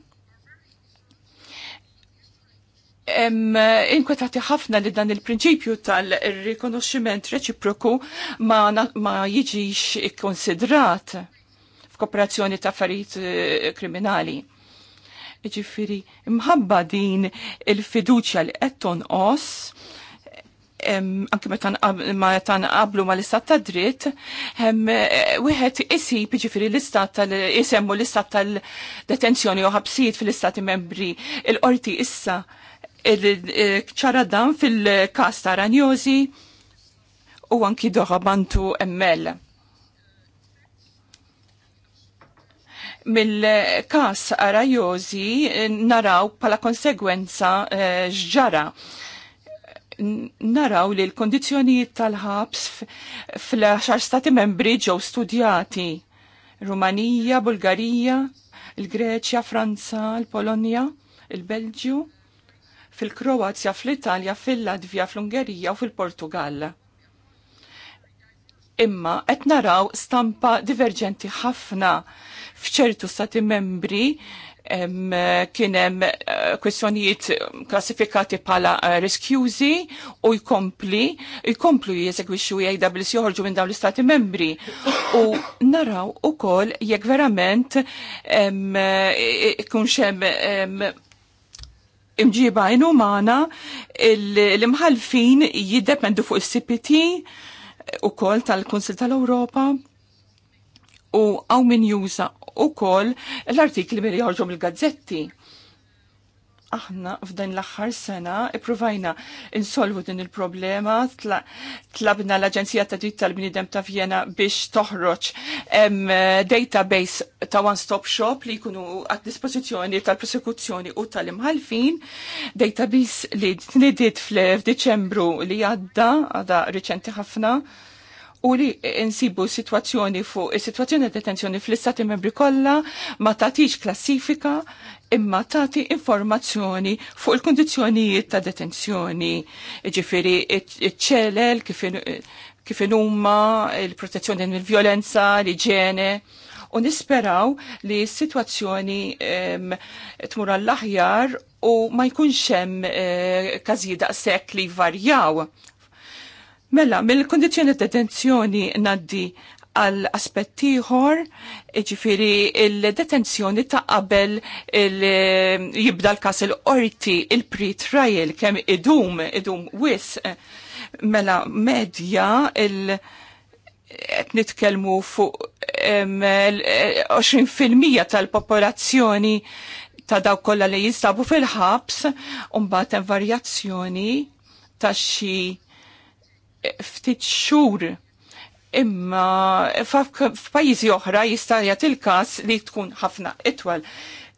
[SPEAKER 1] inkwetati ħafna li dan il-prinċipju tal-rikonoxximent reċiproku ma, ma jiġix ikkonsidrat f'kooperazzjoni ta' affarijiet eh, kriminali. Ġifiri, mħabba din il-fiduċja li qed tonqos anke ma qablu ma l-istat ta' dritt, wieħed isib ġifiri l-istat tal isemmu l-istat tal-detenzjoni u ħabsijiet fil-istati membri. Il-qorti issa ċara dan fil kasta ta' Ranjosi u anki doħabantu emmel. Mill-kas Ranjosi eh, naraw pala konsegwenza ġġara. Eh, naraw li l kondizjoni tal-ħabs fl-10 stati membri ġew studjati. Rumanija, Bulgarija, il-Greċja, Franza, il-Polonja, il-Belġju. il greċja franza il polonija il greċja franza il polonja il belġju fil-Kroazja, fl-Italja, fil-Latvja, fl-Ungerija u fil-Portugal. Imma qed naraw stampa diverġenti ħafna f'ċertu stati membri kien hemm eh, kwistjonijiet klassifikati bħala eh, riskjużi u jkompli, jkomplu jeżegwixxu bil e joħorġu minn dawn l-istati membri. U naraw ukoll jekk verament eh, kunxem imġiba inumana l-imħalfin jiddependu fuq il-CPT u kol tal-Konsil tal-Europa u għaw min juża u kol l-artikli mill joħorġu mill-gazzetti aħna f'dan l-aħħar sena ippruvajna insolvu din il-problema, tlabna l-Aġenzija ta' Dritt tal-Bnidem ta' Vienna biex toħroġ database ta' one-stop shop li jkunu għad dispożizzjoni tal-prosekuzzjoni u tal-imħalfin, database li tnidiet f'Deċembru li għadda, għadha riċenti ħafna, u li insibu situazzjoni fuq is-situazzjoni detenzjoni fl-istati membri kollha ma tagħtix klassifika imma tagħti informazzjoni fuq il kondizjonijiet ta' detenzjoni, ġifiri iċ-ċelel kif huma il-protezzjoni mill-vjolenza, l-iġene, u nisperaw li s-situazzjoni tmur għall-aħjar u ma jkunx hemm eh, każijiet daqshekk li varjaw. Mela, mill-kondizjoni detenzjoni naddi għal aspettiħor, ġifiri il-detenzjoni ta' qabel il eh, jibda l-kas il-orti, il-pre-trial, kem idum, idum wis, eh, mela medja il- qed nitkellmu fuq 20% eh, tal-popolazzjoni ta' daw kollha li jinstabu fil-ħabs, u mbagħad hemm varjazzjoni ta' xi ftit xhur imma f'pajjiżi oħra jista' jagħti il-każ li tkun ħafna itwal.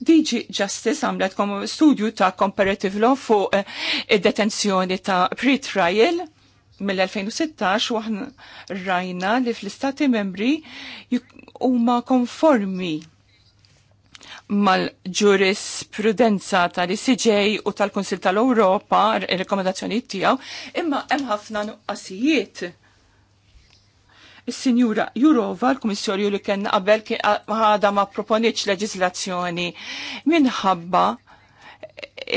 [SPEAKER 1] DG Justice għamlet studju ta' comparative law fuq eh, detenzjoni ta' pre-trial mill-2016 u rajna li fl-istati membri huma konformi mal-ġurisprudenza tal-ICJ u tal-Konsil tal-Europa, il-rekomendazzjoni tiegħu, imma hemm ħafna nuqqasijiet Is-Sinjura Jurova, l-Kummissarju li kien qabel ħadha ma proponiċ leġislazzjoni minħabba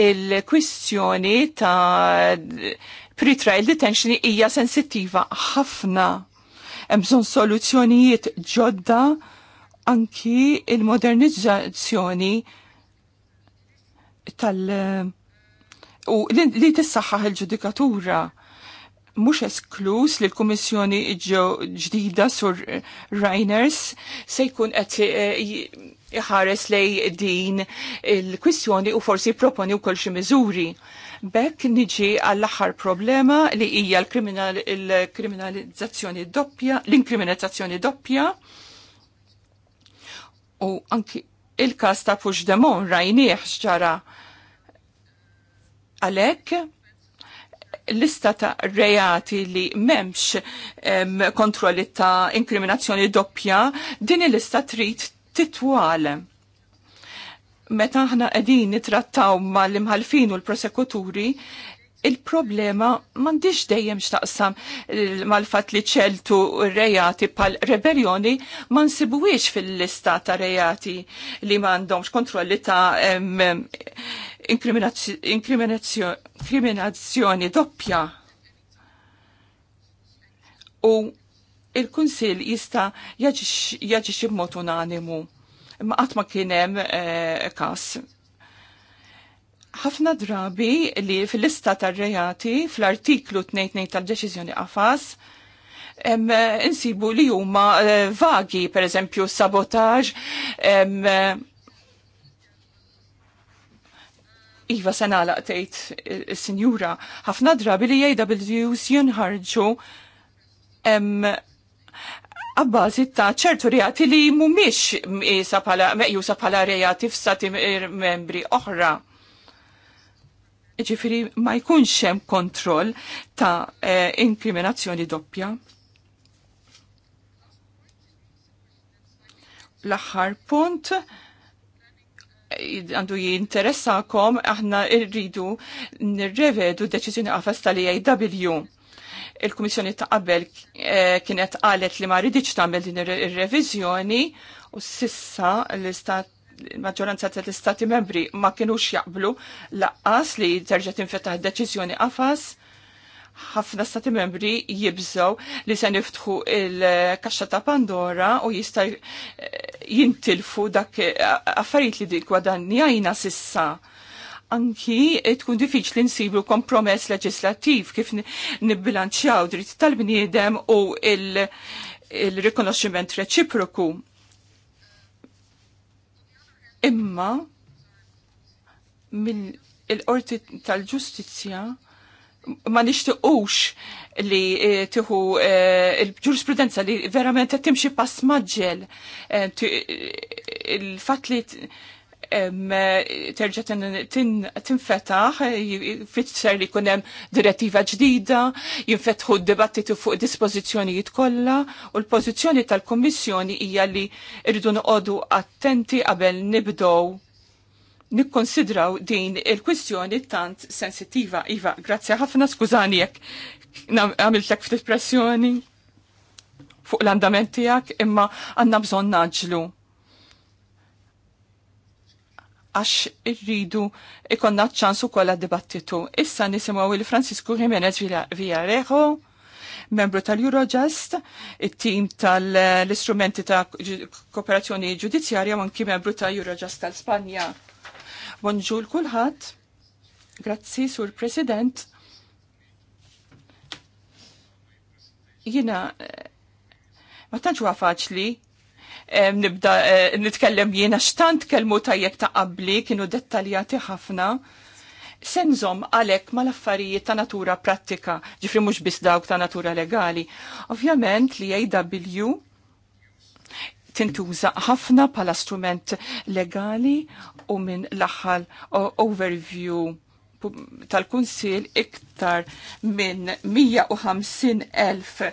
[SPEAKER 1] il-kwistjoni ta' pre-trial detention hija sensittiva ħafna. Hemm bżonn soluzzjonijiet ġodda anki il-modernizzazzjoni tal- u li tissaħħaħ il-ġudikatura mux esklus li l-Komissjoni ġdida sur Reiners se jkun qed eh, iħares lej din il-kwistjoni u forsi proponi u kol xi miżuri. Bekk niġi għall-aħħar problema li hija l-kriminalizzazzjoni doppja, l-inkriminalizzazzjoni doppja u anki il-kas ta' Puigdemont rajnieħ xġara għalhekk lista ta' reati li memx kontrolli ta' inkriminazzjoni doppja, din il-lista trid titwal. Meta aħna qegħdin nitrattaw mal-imħalfin u l-prosekuturi, il-problema mandiġ dejjem xtaqsam mal-fat li ċeltu rejati pal rebellioni ma nsibuwiex fil-lista ta' rejati li mandomx kontrolli ta' inkriminazzjoni doppja. U il-Kunsil jista jaġiġ b'mod unanimu. Ma qatt ma kien hemm eh, kas ħafna drabi li fil-lista tar-rejati fl-artiklu 22 tal-deċiżjoni qafas insibu li huma eh, vagi, per eżempju sabotaġ, eh, Iva sena laqtejt eh, il-sinjura, ħafna drabi li AWs jinħarġu għabbazi ta' ċertu reati li mumiex meqjusa pala reati f'sati membri oħra ġifiri ma jkunx hemm kontroll ta' eh, inkriminazzjoni doppja. L-aħħar punt għandu jinteressakom aħna rridu nirrevedu deċiżjoni qafas tal IAW Il-Kummissjoni ta' qabel eh, kienet qalet li ma rridx tagħmel din ir-reviżjoni u sissa l-istat il maġġoranza tal-istati membri ma kienux jaqblu laqqas li terġa' tinfetaħ deċiżjoni qafas ħafna stati membri jibżaw li se niftħu il-kaxxa ta' Pandora u jista' jintilfu dak affarijiet li dik gwadannjajna sissa anki tkun diffiċli nsibu kompromess leġislattiv kif nibbilanċjaw dritt tal-bniedem u il-rikonoxximent reċiproku Imma mill il-qorti tal-ġustizja ma nixtiqux li eh, tiħu eh, il-ġurisprudenza li verament qed timxi pass maġġel eh, il fat li terġa tinfetaħ, fitser li kunem direttiva ġdida, jinfetħu d debattitu fuq dispozizjonijiet kollha u l-pożizzjoni tal-Kommissjoni hija li rridu noqogħdu attenti qabel nibdow nikkonsidraw din il-kwistjoni tant sensitiva. Iva, grazzi ħafna skużani jekk għamiltek fl-espressjoni fuq l-andament tiegħek imma għandna bżonn naġlu għax irridu ikonna ċansu kolla dibattitu. Issa nisimaw il-Francisco Jimenez Villarejo, membru tal-Eurojust, it-tim tal-istrumenti ta' kooperazzjoni ġudizzjarja u anki membru ta' Eurojust tal-Spanja. Bonġur kulħadd. Grazzi, Sur President. Jina, eh, ma tanċu faċli nibda e, nitkellem jiena xtant kelmu tajjeb ta' qabli kienu dettaljati ħafna. Senżom għalek ma laffarijiet affarijiet ta' natura prattika, ġifri mux bis dawk ta' natura legali. Ovvjament li AW tintuża ħafna pala strument legali u minn l-aħħal overview tal-Kunsil iktar minn 150.000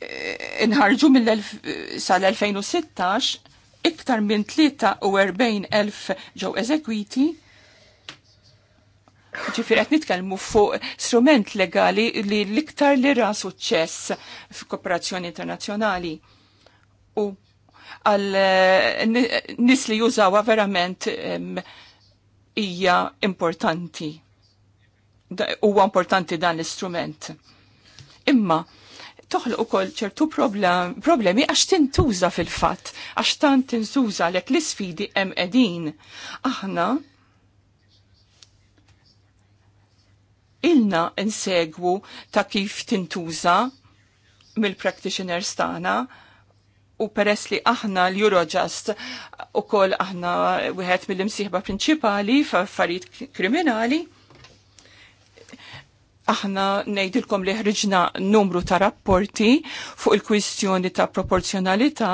[SPEAKER 1] inħarġu mill-2016 iktar minn 43,000 ġew eżekwiti ġifir qed nitkellmu fuq strument legali li l-iktar li ra suċċess f'kooperazzjoni internazzjonali. U għal eh, nis li jużawa verament hija importanti. Huwa importanti dan l-istrument. Imma toħloq ukoll ċertu problemi għax tintuża fil-fatt, għax tant tintuża lek l-isfidi hemm qegħdin. Aħna ilna insegwu ta' kif tintuża mill-practitioners tagħna u peress li aħna l-Eurojust u koll aħna wieħed mill-imsieħba prinċipali f'affarijiet kriminali, aħna nejdilkom li ħriġna numru ta' rapporti fuq il-kwistjoni ta' proporzjonalità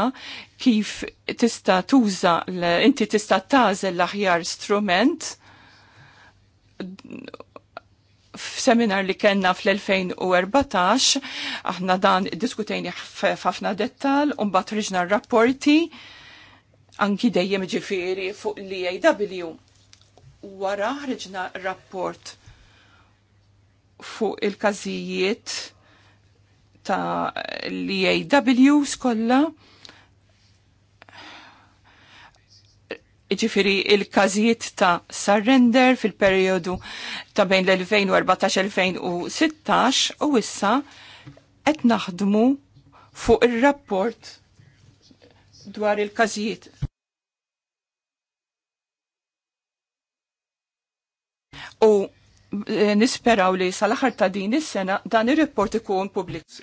[SPEAKER 1] kif tista' tuża inti tista' tażel l-aħjar strument f'seminar li kellna fl-2014 aħna dan diskutejni f'ħafna dettal u mbagħad ħriġna rapporti anki dejjem ġifieri fuq l-EAW wara ħriġna rapport fuq il-każijiet ta' l-EAWs kollha Iġifiri il-kazijiet ta' surrender fil-periodu ta' bejn l-2014-2016 u issa qed naħdmu fuq ir-rapport dwar il-kazijiet. U Eh, nisperaw li sal-aħħar ta' din is-sena dan ir report ikun pubbliku.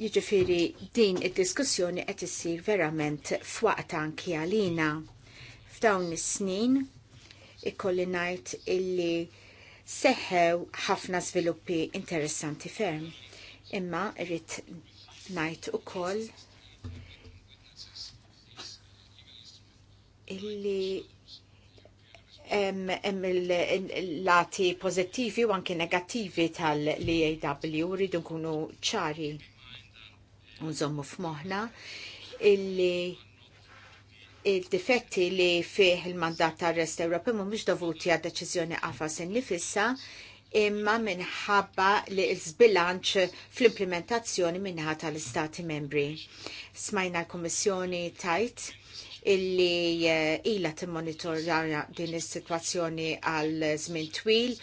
[SPEAKER 1] Jiġifieri
[SPEAKER 3] din id-diskussjoni qed issir verament f'waqt anki għalina. F'dawn is-snin ikolli ngħid illi seħħew ħafna żviluppi interessanti ferm. Imma rrid ngħid ukoll illi hemm il-lati pożittivi u anke negattivi tal-EAW rridu nkunu ċari nżommu f'moħħna illi il-difetti li fih il-mandat tar-Rest Ewropew mhumiex dovuti għad deċiżjoni qafas innifissa imma minħabba li l-sbilanċ fl-implementazzjoni minnaħa tal-Istati membri. Smajna l-Kommissjoni tajt illi eh, ilha timmonitorja din is-sitwazzjoni għal żmien twil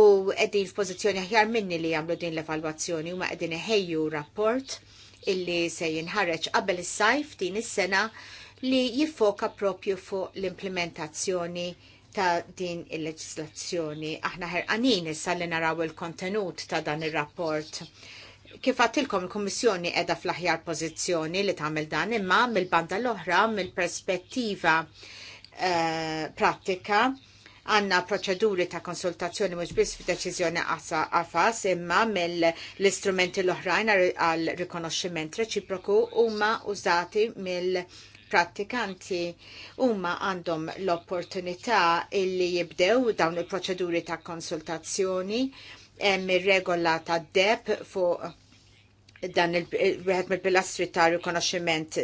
[SPEAKER 3] u qegħdin f'pożizzjoni aħjar minni li jagħmlu din l-evalwazzjoni huma qegħdin iħejju rapport illi se jinħareġ qabel is-sajf din is-sena li jiffoka propju fuq l-implementazzjoni ta' din il-leġislazzjoni. Aħna ħerqanin issa li naraw il-kontenut ta' dan ir rapport kif għatilkom il-Kommissjoni edha fl-aħjar pozizjoni li tagħmel dan imma mill-banda l-oħra mill-perspettiva eh, pratika għanna proċeduri ta' konsultazzjoni mhux biss f'deċiżjoni għafas imma mill-istrumenti l-oħrajn għal rikonoxximent reċiproku huma użati mill- prattikanti huma għandhom l-opportunità illi jibdew dawn il-proċeduri ta' konsultazzjoni hemm ir-regola ta' DEP fuq dan il-wieħed mill-pilastri ta' rikonoxximent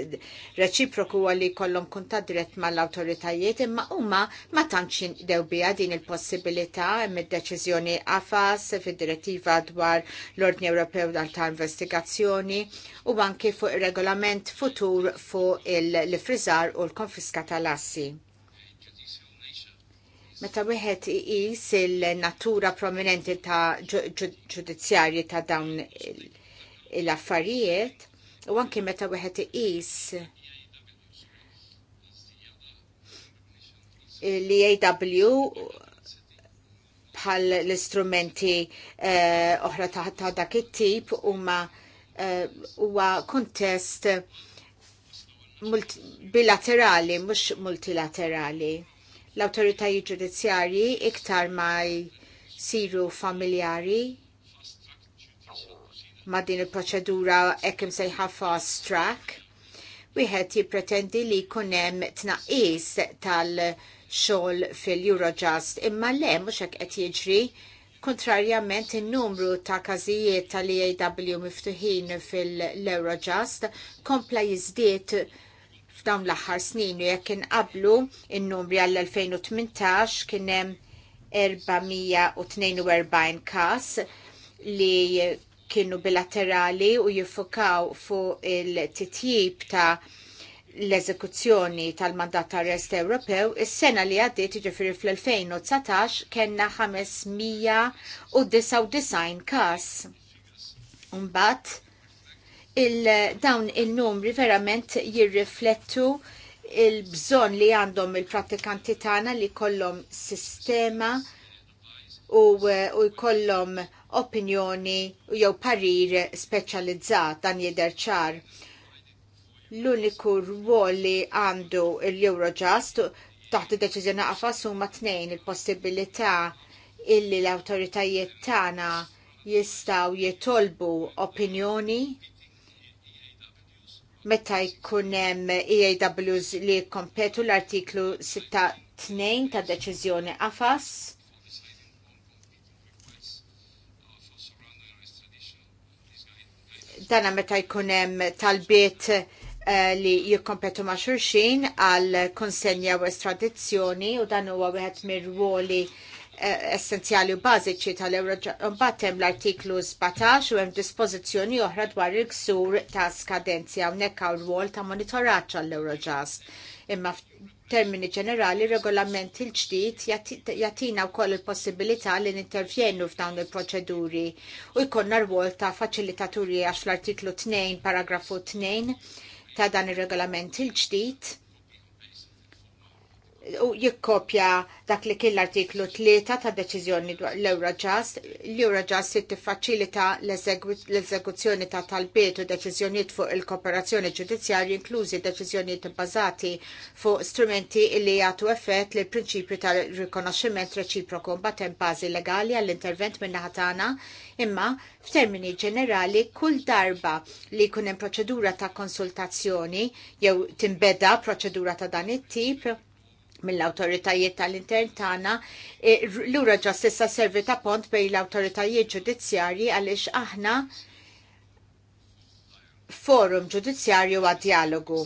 [SPEAKER 3] reċiproku għalli kollhom kuntat dirett mal-awtoritajiet imma huma ma tantx dew biha din il-possibilità mid-deċiżjoni AFAS fid-direttiva dwar l-Ordni Ewropew dal ta' investigazzjoni u anke fuq ir-regolament futur fuq il-frizar u l-konfiska tal-assi. Meta wieħed iqis il-natura prominenti ta' ġudizzjarji ta' dawn il- l-affarijiet u anki meta wieħed iqis l-AW bħal l-istrumenti eh, oħra ta' dak it-tip huma eh, huwa kontest bilaterali mhux multilaterali. L-awtoritajiet ġudizzjarji iktar ma jsiru familjari ma' din il-proċedura ekkim sejħa fast track. Wieħed jippretendi li kunem tnaqis tal-xogħol fil-Eurojust imma le mhux hekk qed jiġri Kontrarjament il-numru ta' każijiet tal-EAW miftuħin fil-Eurojust kompla jizdiet f'dawn l-aħħar snin u jekk inqablu in-numri għall-2018 kien hemm 442 każ li kienu bilaterali u jiffukaw fuq il-titjib ta' l-eżekuzzjoni tal-mandat arrest Ewropew, is-sena li għaddiet ġifiri fl-2019 kena 599 kas. Umbat, il dawn il-numri verament jirriflettu il-bżon li għandhom il-pratikanti tagħna li kollhom sistema u, jkollhom opinjoni jew parir speċjalizzat dan jidher ċar. L-uniku rwol li għandu l-Eurojust taħt id-deċiżjoni qafas huma tnejn il-possibilità illi l-awtoritajiet tagħna jistgħu jitolbu opinjoni meta jkun hemm EAWs li kompetu l-artiklu 6.2 ta' deċiżjoni qafas dana meta jkunem tal-biet eh, li jikkompetu ma' xurxin għal konsenja u estradizzjoni u dan huwa wieħed mir-ruoli eh, essenzjali u bażiċi tal-Eurombatem l-artiklu 17 u hemm dispożizzjoni oħra dwar il-ksur ta' skadenzja hawnhekk hawn rwol ta' monitoraġġ għall-Eurojust. Imma termini ġenerali, regolament il-ġdid jatina u koll il-possibilità li nintervjenu f'dawn il-proċeduri u jkonna rwol ta' faċilitaturi għax fl-artiklu 2, paragrafu 2 ta' dan il-regolament il-ġdid jikkopja dak li kien l-artiklu 3 ta' deċiżjoni l-Eurojust, l-Eurojust tiffaċilita l-eżekuzzjoni ta' talbiet u deċiżjonijiet fuq il-kooperazzjoni ġudizzjarju inklużi deċiżjonijiet bbażati fuq strumenti li jagħtu effett li prinċipju ta' rikonoxximent reċiproku batem bażi legali għall-intervent minna ħatana, imma f'termini ġenerali kull darba li jkun hemm proċedura ta' konsultazzjoni jew timbeda proċedura ta' dan it-tip mill-autoritajiet tal-intern tagħna eh, lura ġastissa servi ta' pont bej l-autoritajiet ġudizzjarji għaliex aħna forum ġudizzjarju għad dialogu.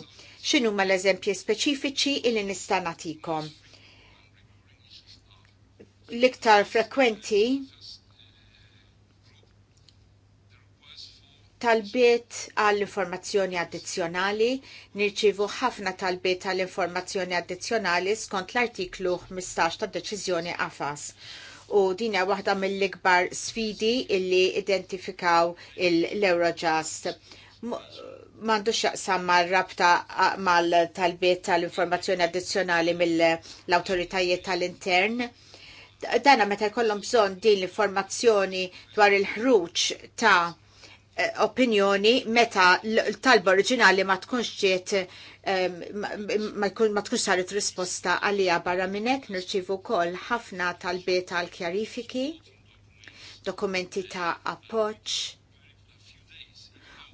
[SPEAKER 3] X'inhu ma l-eżempji speċifiċi li nista' nagħtikom? L-iktar frekwenti talbiet għall-informazzjoni addizzjonali, nirċivu ħafna talbiet għall-informazzjoni addizzjonali skont l-artiklu 15 tad deċiżjoni AFAS. U dinja waħda mill-ikbar sfidi illi identifikaw l-Eurojust. Mandu xaqsa ma' rabta mal talbiet tal-informazzjoni addizzjonali mill-autoritajiet tal-intern dana meta jkollhom bżonn din l-informazzjoni dwar il-ħruġ ta' Eh, opinjoni meta l-talba oriġinali ma tkunx ġiet ma tkunx saret risposta għalija barra minnek nirċivu kol ħafna talbiet għal kjarifiki, dokumenti ta' appoċ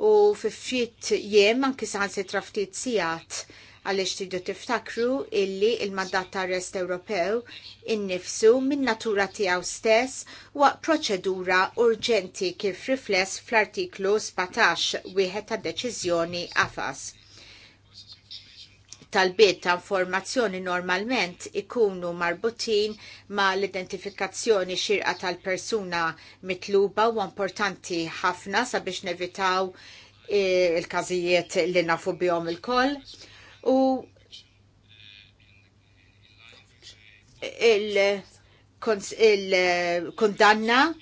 [SPEAKER 3] u fi ftit jiem anki saħan se traftit sijat għaliex tridu tiftakru illi il-mandat ta' arrest Ewropew innifsu minn natura tiegħu stess waq proċedura urġenti kif rifless fl-artiklu 17 wieħed ta' deċiżjoni AFAS talbiet ta' informazzjoni normalment ikunu marbutin ma' l-identifikazzjoni xirqa tal-persuna mitluba u importanti ħafna sabiex nevitaw eh, il-kazijiet li nafu bihom il-koll u il-kondanna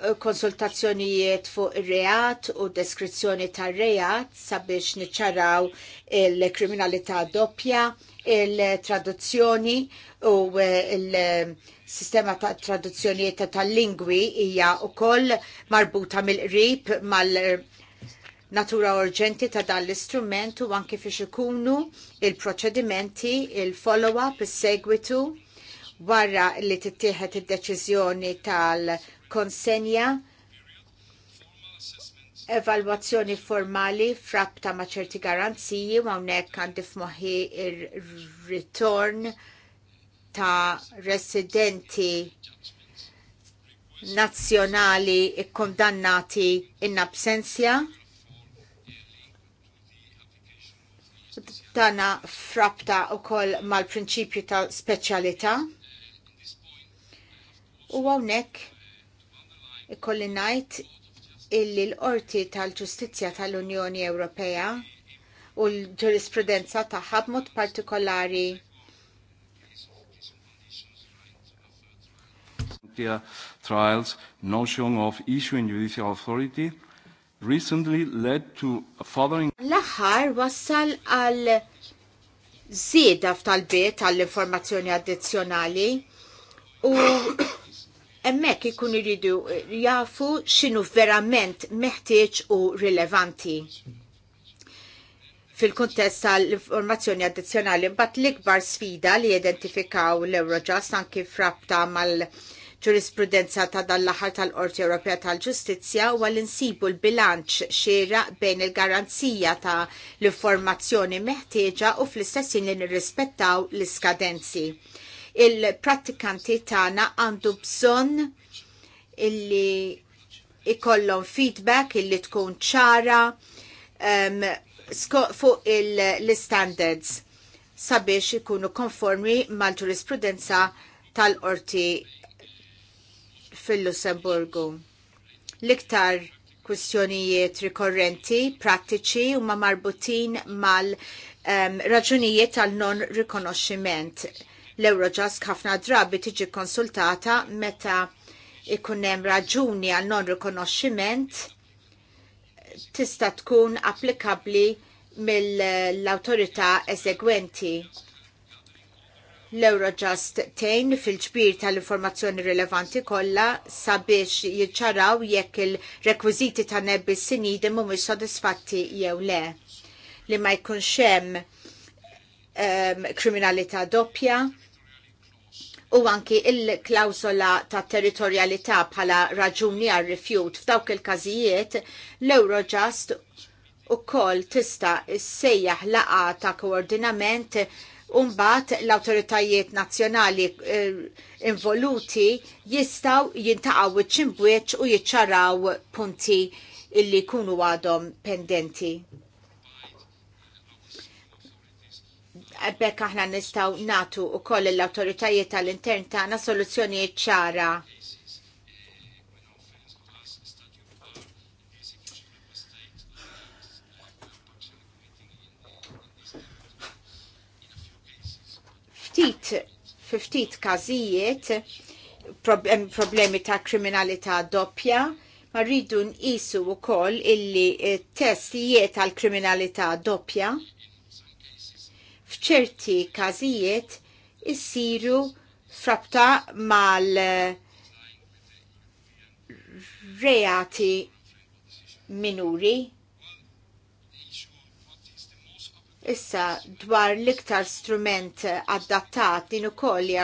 [SPEAKER 3] uh, konsultazzjonijiet fuq ir-reat u deskrizzjoni tar-reat sabiex niċċaraw il-kriminalità doppja, il-traduzzjoni u uh, il-sistema ta' traduzzjonijiet tal-lingwi hija wkoll marbuta mill-qrib mal natura urġenti ta' dan l-istrument u anke fiex ikunu il-proċedimenti, il-follow-up, is-segwitu wara li tittieħed id-deċiżjoni tal-konsenja evalwazzjoni formali frabta ma' ċerti garanziji ma' unnek għandi f'moħi il-return ta' residenti nazzjonali ikkondannati in absenzja tana frabta u koll mal-prinċipju ta' speċjalità. U għonek ikolli najt illi l-qorti tal-ġustizja tal-Unjoni Ewropea u l-ġurisprudenza ta ħabmut partikolari trials notion of issuing judicial authority recently led to a following L-aħħar wassal għal zieda f'talbiet għall informazzjoni addizzjonali u emmek ikun iridu jafu xinu verament meħtieġ u rilevanti fil-kontest tal-informazzjoni addizzjonali mbagħad l-ikbar sfida li identifikaw l-Eurojust anki frabta mal- ġurisprudenza ta' dan l-aħħar tal-Qorti Ewropea tal-Ġustizzja huwa l-insibu l-bilanċ xiera bejn il-garanzija ta' l-informazzjoni meħtieġa u fl-istess li nirrispettaw l-iskadenzi. Il-prattikanti tagħna għandu bżonn illi ikollhom feedback illi tkun ċara um, fuq l-standards sabiex ikunu konformi mal-ġurisprudenza tal-qorti fil-Lussemburgu. L-iktar kwistjonijiet rikorrenti, prattiċi u ma marbutin mal um, raġunijiet tal non rikonoxximent. L-Eurojust ħafna drabi tiġi konsultata meta ikunem raġuni għal non rikonoxximent tista' tkun applikabbli mill-autorità eseguenti. L-Eurojust tejn fil-ġbir tal-informazzjoni rilevanti kollha sabiex jiċċaraw jekk il-rekwiżiti ta' nebbi sinidem mhumiex sodisfatti jew le. Li ma jkunx hemm um, kriminalità doppja u anki il-klawsola ta' territorjalità bħala raġuni għal rifjut f'dawk il-każijiet l-Eurojust u tista' issejjaħ laqa ta' koordinament Umbat l-autoritajiet nazjonali eh, involuti jistaw jintaqaw iċ-ċimbwieċ u jiċċaraw punti illi kunu għadhom pendenti. Ebbek aħna nistaw natu u koll l-autoritajiet tal-intern tagħna soluzzjonijiet ċara ftit ftit każijiet problemi ta' kriminalità doppja ma rridu nqisu wkoll illi testijiet għal kriminalità doppja f'ċerti każijiet issiru frabta mal reati minuri Issa dwar l-iktar strument adattat din u koll hija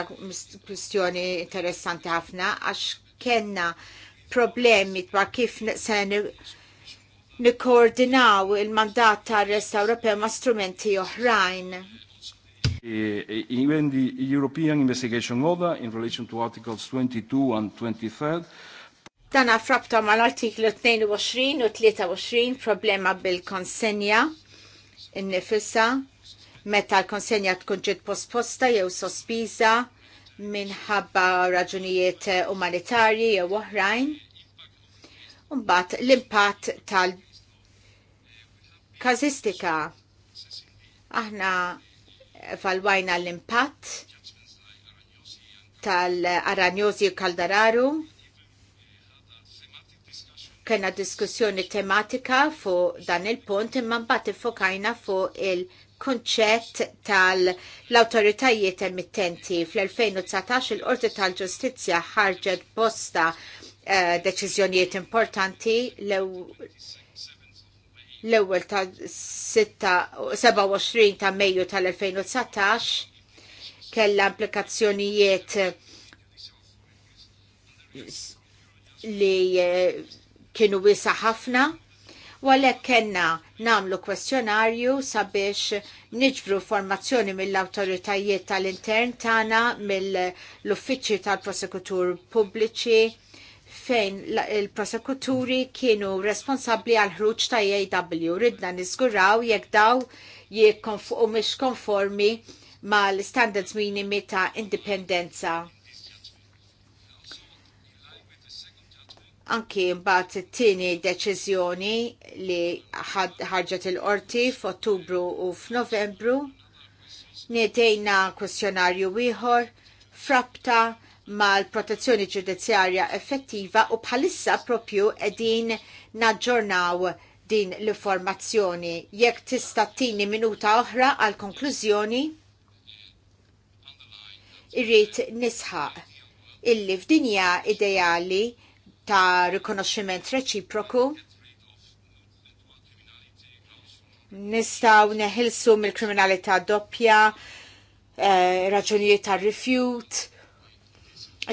[SPEAKER 3] kwistjoni interessanti ħafna għax kena problemi dwar kif se nikkoordinaw il-mandat tar rest Ewropew ma' strumenti oħrajn. Even the European Investigation Order in relation to Articles 22 and 23 Dan frabta mal-artiklu 22 u 23 problema bil-konsenja Innifissa meta l-konsenja tkun ġiet posposta jew sospiża minħabba raġunijiet umanitarji jew oħrajn. Mbagħad l-impatt tal-kazistika. Aħna evalwajna l-impatt tal-Aranjosi u Kaldararu kena diskussjoni tematika fuq dan il-punt imma mbagħad fokajna fuq il-kunċett tal-awtoritajiet emittenti fl-2019 il-Qorti tal-Ġustizzja ħarġet bosta eh, deċiżjonijiet importanti l-ewwel ta' 27 ta' Mejju tal-2019 kella implikazzjonijiet li eh, kienu wisa ħafna u għalhekk kellna nagħmlu kwestjonarju sabiex niġbru formazzjoni mill-awtoritajiet tal-intern tagħna mill uffiċi tal-prosekutur pubbliċi fejn il-prosekuturi kienu responsabli għal ħruġ ta' AW. E Ridna nisguraw jekk daw jekk u mhix konformi mal standards minimi ta' indipendenza. Anki mbagħad it-tieni deċiżjoni li ħarġet il-qorti f'Ottubru u f'Novembru niedejna kwestjonarju ieħor frabta mal-protezzjoni ġudizzjarja effettiva u bħalissa propju edin naġġornaw din l-informazzjoni. Jekk tista' tini minuta oħra għal konklużjoni, irrid nisħaq illi f'dinja ideali ta' rikonoxximent reċiproku nistaw neħilsu mill-kriminalità doppja, eh, raġunijiet ta' rifjut,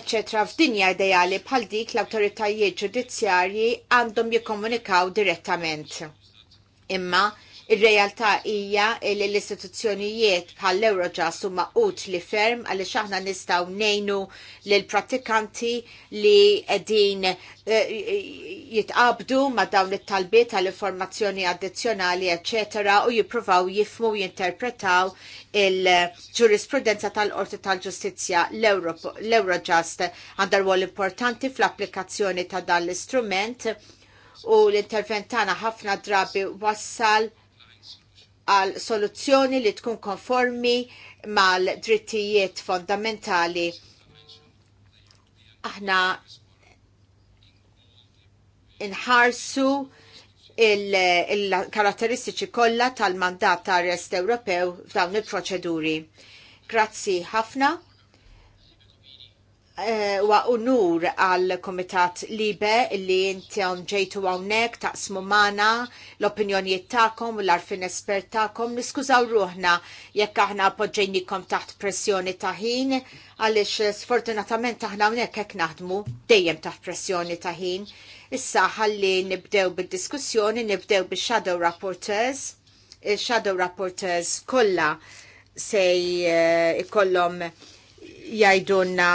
[SPEAKER 3] eccetera. F'dinja ideali bħal dik l-autoritajiet ġudizzjarji għandhom jikkomunikaw direttament. Imma Ir-realtà hija li l-istituzzjonijiet bħall-Eurojust huma utli ferm għaliex aħna nistgħu ngħinu lil prattikanti li qegħdin eh, jitqabdu ma' dawn it-talbiet għall informazzjoni addizzjonali eċetera u jippruvaw jifmu jinterpretaw il-ġurisprudenza tal-Qorti tal-Ġustizzja l-Eurojust għandha rwol importanti fl-applikazzjoni ta' dan l-istrument u l-intervent tagħna ħafna drabi wassal għal soluzzjoni li tkun konformi mal-drittijiet fondamentali. Aħna inħarsu il-karatteristiċi kollha tal-mandat tar-rest Ewropew f'dawn il-proċeduri. Grazzi ħafna Eh, wa unur għal komitat libe li intjom ġejtu għawnek taqsmu smumana l-opinjonijiet ta'kom u l-arfin espert ta'kom niskużaw ruħna jekk aħna poġġejnikom taħt pressjoni taħin għalix eh, sfortunatament aħna għawnek jek naħdmu dejjem taħt pressjoni taħin. Issa ħalli nibdew bil diskussjoni nibdew bil-shadow rapporteurs, il-shadow eh, rapporteurs kolla sej ikollom jajdunna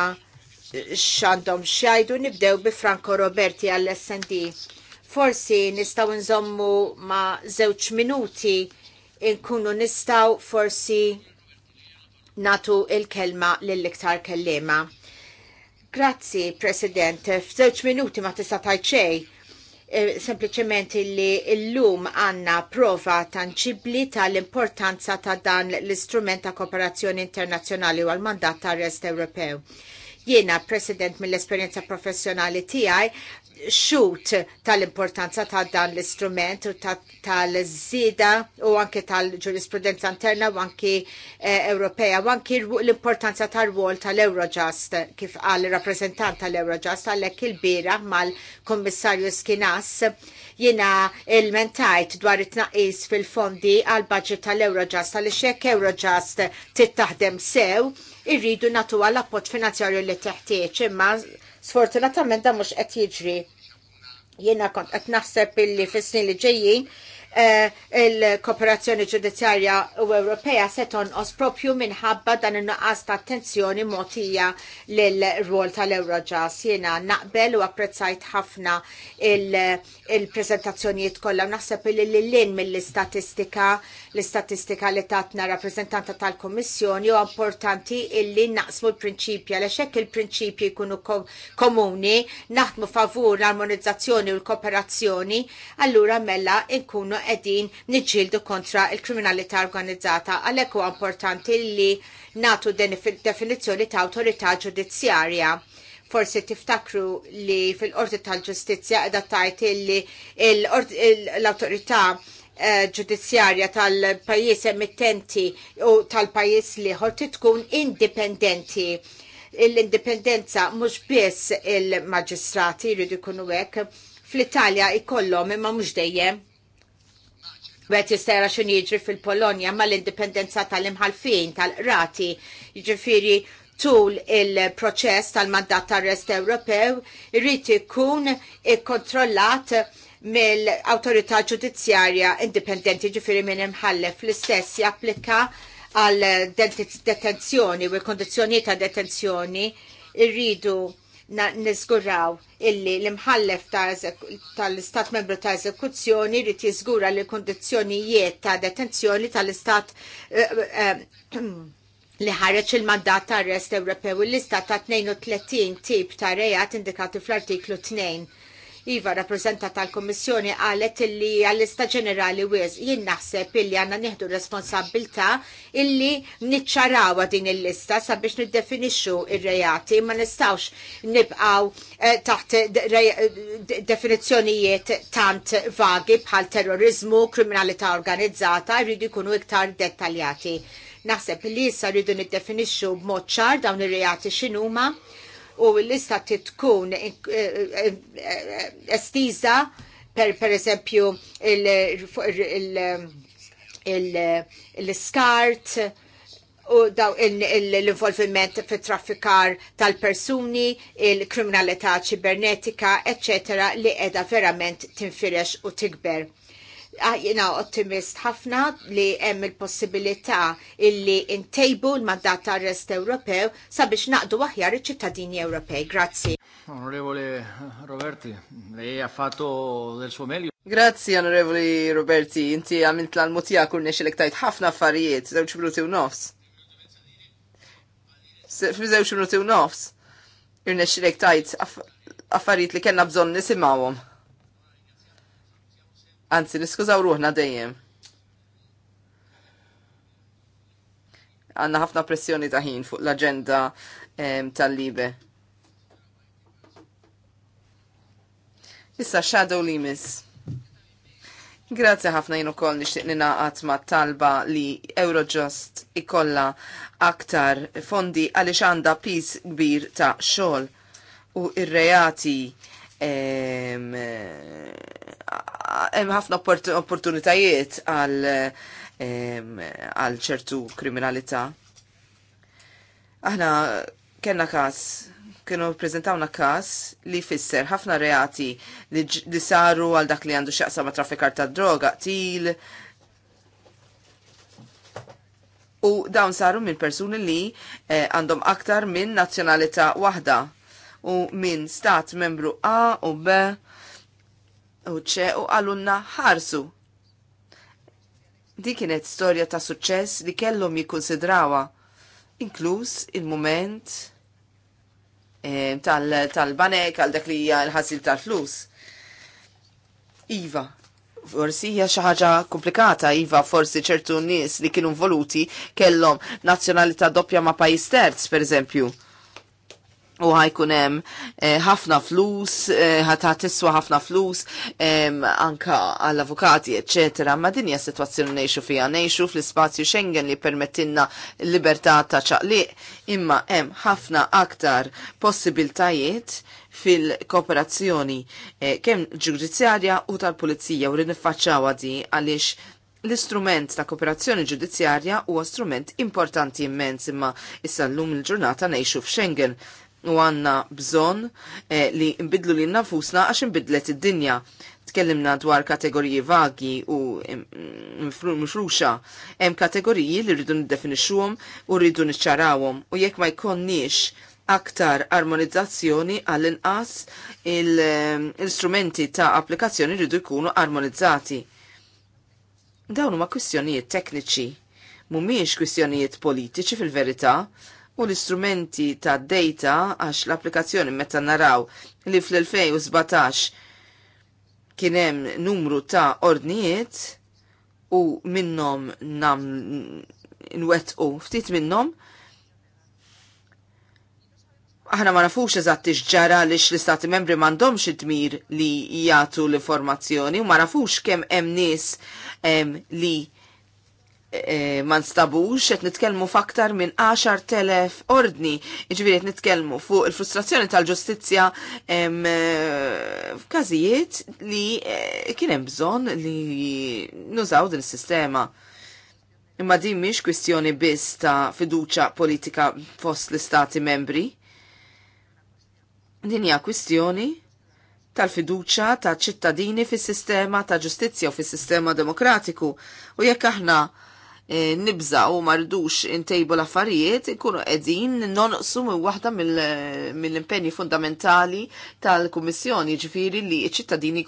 [SPEAKER 3] xandom xajdu nibdew bi Franco Roberti għall-SND. Forsi nistaw nżommu ma' zewċ minuti inkunu nistaw forsi natu il-kelma lill-iktar kellima. Grazzi, President. F'żewġ minuti ma tista' tajċej. Eh, Sempliciment li l-lum għanna prova tanċibli tal-importanza ta' dan l-istrument ta' kooperazzjoni internazzjonali u għal-mandat ta' rest Ewropew. Jiena president mill-esperjenza professjonali tiegħi xut tal-importanza ta' dan l-istrument u tal-żida u anke tal-ġurisprudenza interna u anke eh, Ewropea u anke l-importanza tal-rwol tal-Eurojust kif għal rappresentant tal-Eurojust għalhekk il-bira mal-Kommissarju Skinas jina il-mentajt dwar it-naqis fil-fondi għal budget tal-Eurojust għal xek Eurojust tittaħdem sew irridu natu għal appoġġ finanzjarju li teħtieġ imma Sfortunatament da mhux qed jiġri. Jiena kont qed naħseb illi fis-snin li ġejjin Eh, il-kooperazzjoni ġudizzjarja u Ewropea se tonqos propju minħabba dan in-nuqqas ta' attenzjoni mogħtija lill-rwol tal-Eurojust. Jena naqbel u apprezzajt ħafna il prezentazzjoniet kollha u naħseb li l-lin mill-istatistika l-istatistika li tatna rappresentanta tal-Kummissjoni u importanti illi naqsmu l-prinċipji għaliex hekk il-prinċipji jkunu komuni naħdmu favur l-armonizzazzjoni u l-kooperazzjoni allura mela nkunu qegħdin niġġieldu kontra il-kriminalità organizzata għalhekk huwa importanti li natu definizzjoni ta' awtorità ġudizzjarja. Forsi tiftakru li fil-Qorti tal-Ġustizzja qiegħda tajt li l-awtorità eh, ġudizzjarja tal-pajis emittenti u tal-pajis ħorti tkun indipendenti. L-indipendenza mhux biss il-maġistrati jridu jkunu hekk. Fl-Italja ikollhom imma mhux dejjem Għet jistajra xun jiġri fil-Polonja ma l-indipendenza tal-imħalfin, tal-qrati, jiġifiri tul il-proċess tal-mandat tal-rest Ewropew, irrit ikun ikkontrollat mill-autorità ġudizzjarja indipendenti ġifiri minn imħallef l-istess japplika għal detenzjoni u kondizjoni ta' detenzjoni irridu nizguraw illi l-imħallef tal-istat membru ta' eżekuzzjoni rrit jizgura li kondizjonijiet ta' detenzjoni tal-istat eh, eh, li ħareċ il-mandat ta' arrest Ewropew l istat ta' 32 tip ta' rejat indikati fl-artiklu 2 Iva, rappresenta tal-Kommissjoni għalet illi għall-lista ġenerali wiz, jien naħseb illi għanna nieħdu responsabilta illi nitċarawa din il-lista sabiex niddefinixxu il rejati ma nistawx nibqaw eh, taħt eh, eh, definizzjonijiet tant vagi bħal terrorizmu, kriminalità organizzata, jridu jkunu iktar dettaljati. Naħseb li issa rridu niddefinixxu b'mod ċar dawn ir-reati x'inhuma u l-lista titkun eh, eh, eh, estiza per, per eżempju il-skart u daw l-involviment fit traffikar tal-persuni, il-kriminalità ċibernetika, eccetera, li edha verament tinfirex u tikber jina ah, ottimist ħafna li hemm il-possibilità illi intejbu l-mandat ta' rest Ewropew sabiex naqdu aħjar iċ-ċittadini Ewropej. Grazzi.
[SPEAKER 1] Onorevole
[SPEAKER 2] Roberti, lei ha fatto del suo meglio. Grazzi, onorevole Roberti, inti għamilt l-almutija kull nexilek tajt ħafna affarijiet, zewċ minuti u nofs. Fizewċ minuti u nofs, irnexilek tajt affarijiet li kena bżon nisimawom. Anzi, niskużaw ruħna dejjem. Għanna ħafna pressjoni taħin fuq l-agenda tal-libe. Issa Shadow Limis. Grazie ħafna jenu kol nishtiq ninaqat ma talba li Eurojust ikolla aktar fondi għalix għanda pis kbir ta' xol u irrejati reati hemm ħafna opportunitajiet għal ċertu kriminalità. Aħna kellna każ kienu prezentawna kas li fisser ħafna reati li, saru għal dak li għandu xaqsa ma traffikar ta' droga, til. U dawn saru minn persuni li eh, għandhom aktar minn nazzjonalità waħda u minn stat membru A u B u ċe u għalunna ħarsu. Di kienet storja ta' suċċess li kellhom jikkonsidrawa, inkluż il-moment eh, tal-banek tal għal dak li hija l-ħasil tal-flus. Iva, forsi hija xi ħaġa komplikata, iva forsi ċertu nies li kienu voluti kellhom nazzjonalità doppja ma' pajjiż terz, pereżempju u ħajkun hemm eh, ħafna flus, eh, ħata tiswa ħafna flus anka għall-avukati, eċetera. Ma din hija sitwazzjoni ngħixu fiha ngħixu fl-ispazju Schengen li permettinna l-libertà ta' ċaqliq imma hemm ħafna aktar possibiltajiet fil-kooperazzjoni eh, kemm ġudizzjarja u tal-pulizija u li niffaċċawha di għaliex l-istrument ta' kooperazzjoni ġudizzjarja huwa strument importanti immens imma issa llum il-ġurnata ngħixu f'Schengen u għanna bżon eh, li nbidlu li nafusna għax nbidlet id-dinja. Tkellimna dwar kategoriji vagi u mifruxa. Hemm kategoriji li rridu niddefinixxuhom u rridu niċċarawhom u jekk ma jkonniex aktar armonizzazzjoni għall-inqas l-istrumenti eh, ta' applikazzjoni rridu jkunu armonizzati. Dawn huma kwistjonijiet tekniċi, mhumiex kwistjonijiet politiċi fil-verità, u l-istrumenti ta' data għax l-applikazzjoni meta naraw li fl-2017 kienem numru ta' ordnijiet u minnom nam nwet u ftit minnom aħna ma nafux eżatt ġara li l-istati membri mandom id-dmir li jgħatu l-informazzjoni u ma nafux kemm hemm nies li E, ma nstabux, qed nitkellmu f'aktar minn 10,000 ordni, iġviri qed nitkellmu fuq il-frustrazzjoni tal-ġustizzja e, f'każijiet li kienem kien hemm bżonn li nużaw din is-sistema. Imma din mhix kwistjoni biss ta' fiduċa politika fost l-istati membri. Din hija kwistjoni tal-fiduċa ta' ċittadini fis-sistema ta' ġustizzja u fis-sistema demokratiku u jekk aħna E, nibza u mardux intejbu l-affarijiet ikunu edin nonqsu minn waħda mill-impenji fundamentali tal-Kummissjoni ġifiri li ċittadini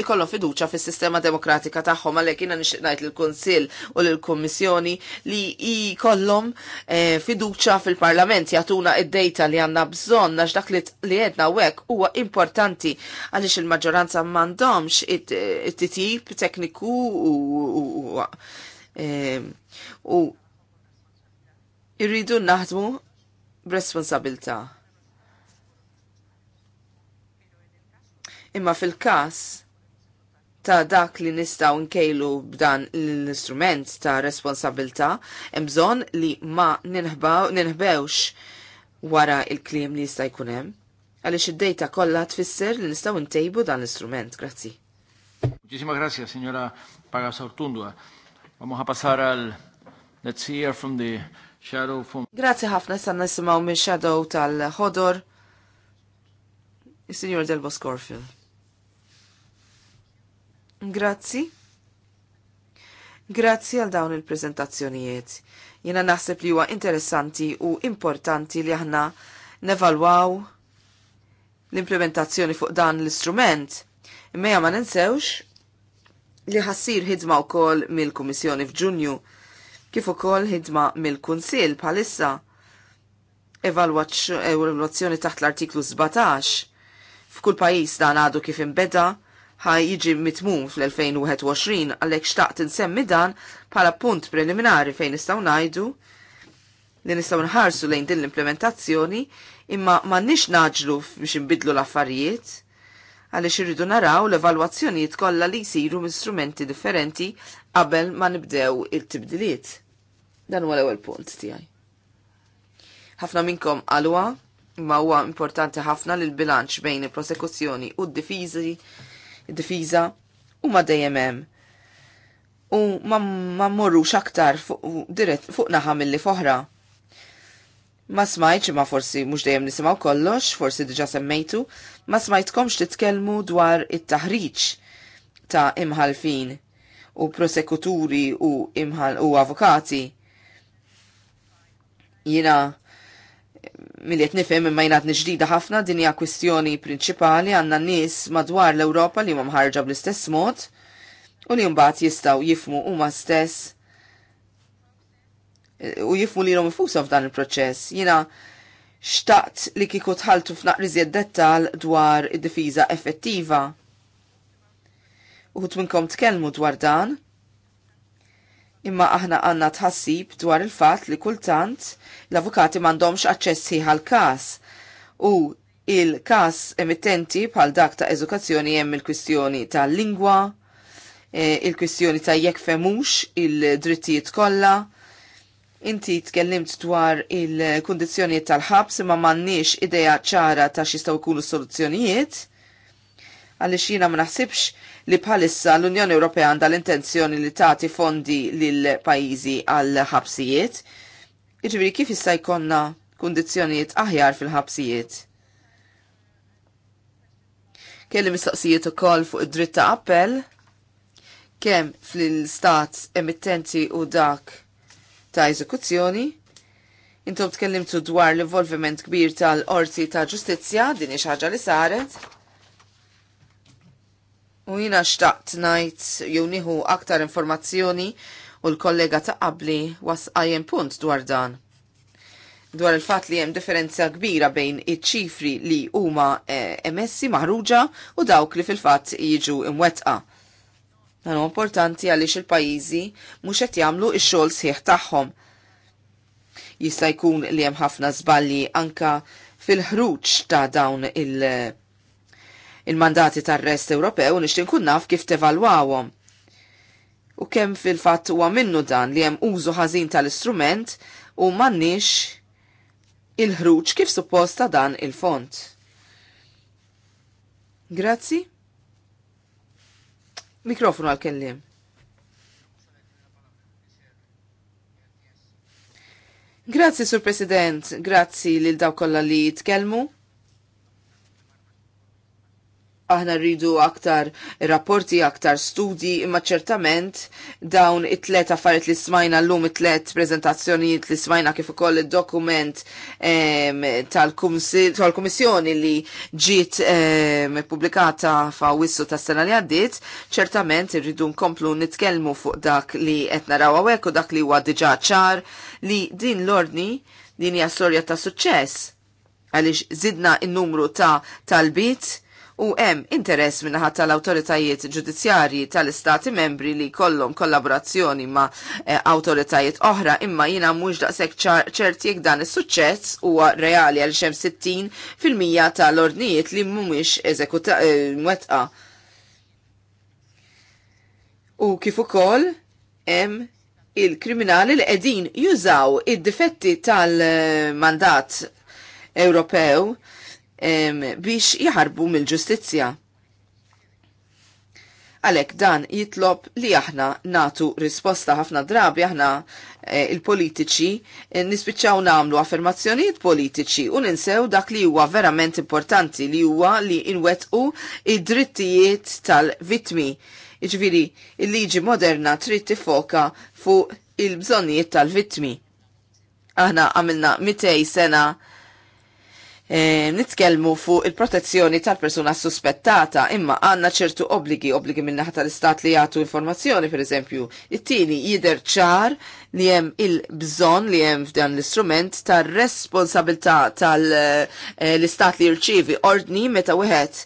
[SPEAKER 2] ikollhom fiduċa fis-sistema demokratika tagħhom għalhekk jiena nixtieq ngħid lill-Kunsill u lill-Kummissjoni li jkollhom e, fiduċa fil-Parlament jagħtuna id-dejta li għandna bżonn għax dak li u għek huwa importanti għaliex il-maġġoranza m'għandhomx it-titjib tekniku u Ehm, u irridu naħdmu b'responsabilta. Imma fil-kas ta' dak li nistaw nkejlu b'dan l-istrument ta' responsabilta, imżon li ma ninħbewx wara il-klim li jista' jkunem. Għalix id-dejta kollha tfisser li nistaw ntejbu dan l-istrument. Grazzi.
[SPEAKER 3] Muchísimas gracias, signora Pagasartundua. Vamos a pasar al... Let's hear from the shadow from...
[SPEAKER 2] Grazie ħafna sanna nisimaw minn shadow tal-ħodor, il-Signor Delbo Boscorfil. Grazzi. Grazzi għal dawn il-prezentazzjonijiet. Jena naħseb li huwa interessanti u importanti li aħna nevalwaw l-implementazzjoni fuq dan l-istrument. Imma ma ninsewx li ħassir ħidma wkoll mill-Kummissjoni f'Ġunju kif ukoll ħidma mill kunsil bħalissa evaluazzjoni taħt l-artiklu 17 f'kull pajis dan għadu kif imbeda ħaj jiġi mitmum fl-2021 għalhekk xtaqt insemmi dan bħala punt preliminari fejn nistgħu ngħidu li nistgħu nħarsu lejn din l-implementazzjoni imma m'għandniex naġlu biex inbidlu l-affarijiet għaliex irridu naraw l-evalwazzjonijiet kollha li jsiru mistrumenti differenti qabel ma nibdew il-tibdiliet. Dan huwa l-ewwel punt tiegħi. Ħafna minnkom għalwa ma huwa importanti ħafna lil bilanċ bejn il-prosekuzzjoni u d-difiżi, d difiża u ma dejjem hemm. U ma mmorrux aktar fuq dirett fuq naħa milli foħra. Ma smajt ma forsi mux dejjem nisimaw kollox, forsi diġa semmejtu, ma smajtkomx titkellmu dwar it-taħriċ ta' imħalfin u prosekuturi u imħal u avukati. Jina miliet nifem imma t ġdida ħafna din hija kwistjoni prinċipali għandna nies madwar l-Ewropa li huma mħarġa bl-istess mod u li mbagħad jistgħu jifmu huma stess u jifmu li l-om f'dan il-proċess. Jina xtaqt li kiku tħaltu f'naqri zjed dettal dwar id-difiża effettiva. Uħut minnkom tkellmu dwar dan, imma aħna għanna tħassib dwar il-fat li kultant l-avukati mandomx aċċessi għal-kas u il-kas emittenti bħal dak ta' edukazzjoni hemm il-kwistjoni tal-lingwa, eh, il-kwistjoni ta' jekk femux il-drittijiet kollha, Inti tkellimt dwar il kundizzjonijiet tal-ħabs imma m'għandniex idea ċara ta' xistaw jkunu soluzzjonijiet għaliex jiena ma naħsibx li bħalissa l-Unjoni Ewropea għandha l-intenzjoni li tagħti fondi lil pajjiżi għal ħabsijiet. Jiġifieri kif issa jkollna kundizzjonijiet aħjar fil-ħabsijiet. Kelli mistoqsijiet ukoll fuq id-dritt ta' appell kemm fl-istat emittenti u dak ta' eżekuzzjoni. Intom tkellimtu dwar l-involviment kbir tal-orti ta' ġustizzja, din hi ħaġa li saret. U jina xtaqt najt jowniħu nieħu aktar informazzjoni u l-kollega ta' qabli għajem punt dwar dan dwar il-fat li hemm differenza kbira bejn iċ-ċifri li huma eh, emessi maħruġa u dawk li fil-fatt jiġu imwetqa. Dan importanti għaliex il-pajjiżi mhux qed jagħmlu x-xogħol sħiħ tagħhom. Jista' jkun li hemm ħafna żbalji anka fil-ħruġ ta' dawn il- il-mandati tar-rest Ewropew nixtin kun naf kif tevalwawhom. U kemm fil-fatt huwa minnu dan li hemm użu ħażin tal-istrument u m'għandniex il-ħruġ kif supposta dan il-font. Grazzi. Mikrofonu għal-kellim. Grazzi, Sur President, grazie lil daw kollha li tkellmu aħna rridu aktar rapporti, aktar studi, imma ċertament dawn it-tlet affarijiet li smajna l-lum it-tlet prezentazzjonijiet li smajna kif ukoll id-dokument ehm, tal-Kummissjoni li ġiet ehm, pubblikata fa' wissu ta' sena li għaddiet, ċertament irridu nkomplu nitkellmu fuq dak li qed naraw hawnhekk u dak li huwa diġà ċar li din l-ordni din hija storja ta' suċċess għaliex zidna n numru ta' talbit u hemm interess minnaħat tal-awtoritajiet ġudizzjarji tal-istati membri li kollhom kollaborazzjoni ma' eh, autoritajiet awtoritajiet oħra imma jina mhux daqshekk ċert jekk dan is-suċċess huwa reali għal xem 60 fil-mija tal-ordnijiet li mhumiex eżekuta eh, mwetqa. U kif ukoll hemm il-kriminali li qegħdin jużaw id-difetti tal-mandat Ewropew biex jaħarbu mill-ġustizzja. Għalek dan jitlob li aħna natu risposta ħafna drabi aħna e, il-politiċi eh, nispiċċaw namlu affermazzjonijiet politiċi u ninsew dak li huwa verament importanti li huwa li inwetqu id-drittijiet tal-vitmi. Iġviri, il-liġi moderna trid tifoka fuq il-bżonnijiet tal-vitmi. Aħna għamilna 200 sena nitkelmu Nitkellmu fuq il-protezzjoni tal-persuna suspettata imma għanna ċertu obligi, obligi minnaħa tal-istat li jgħatu informazzjoni per eżempju. It-tieni jider ċar li hemm il-bżon li hemm f'dan l-istrument tar-responsabilità tal-istat e, li jirċivi ordni meta wieħed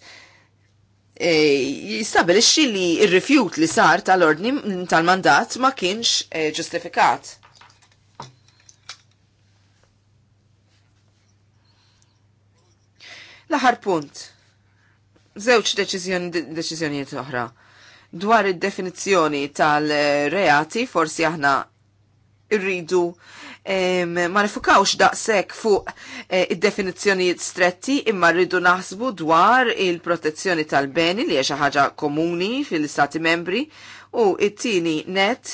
[SPEAKER 2] e, jistabilixxi li r-rifjut li sar tal-ordni tal-mandat ma kienx e, ġustifikat L-aħar punt. Żewġ deċiżjonijiet oħra. Dwar id-definizzjoni tal-reati, forsi aħna irridu ma nifukawx daqsek fuq e, id-definizzjonijiet stretti imma rridu naħsbu dwar il-protezzjoni tal-beni li hija xi ħaġa komuni fil istati membri u it-tieni net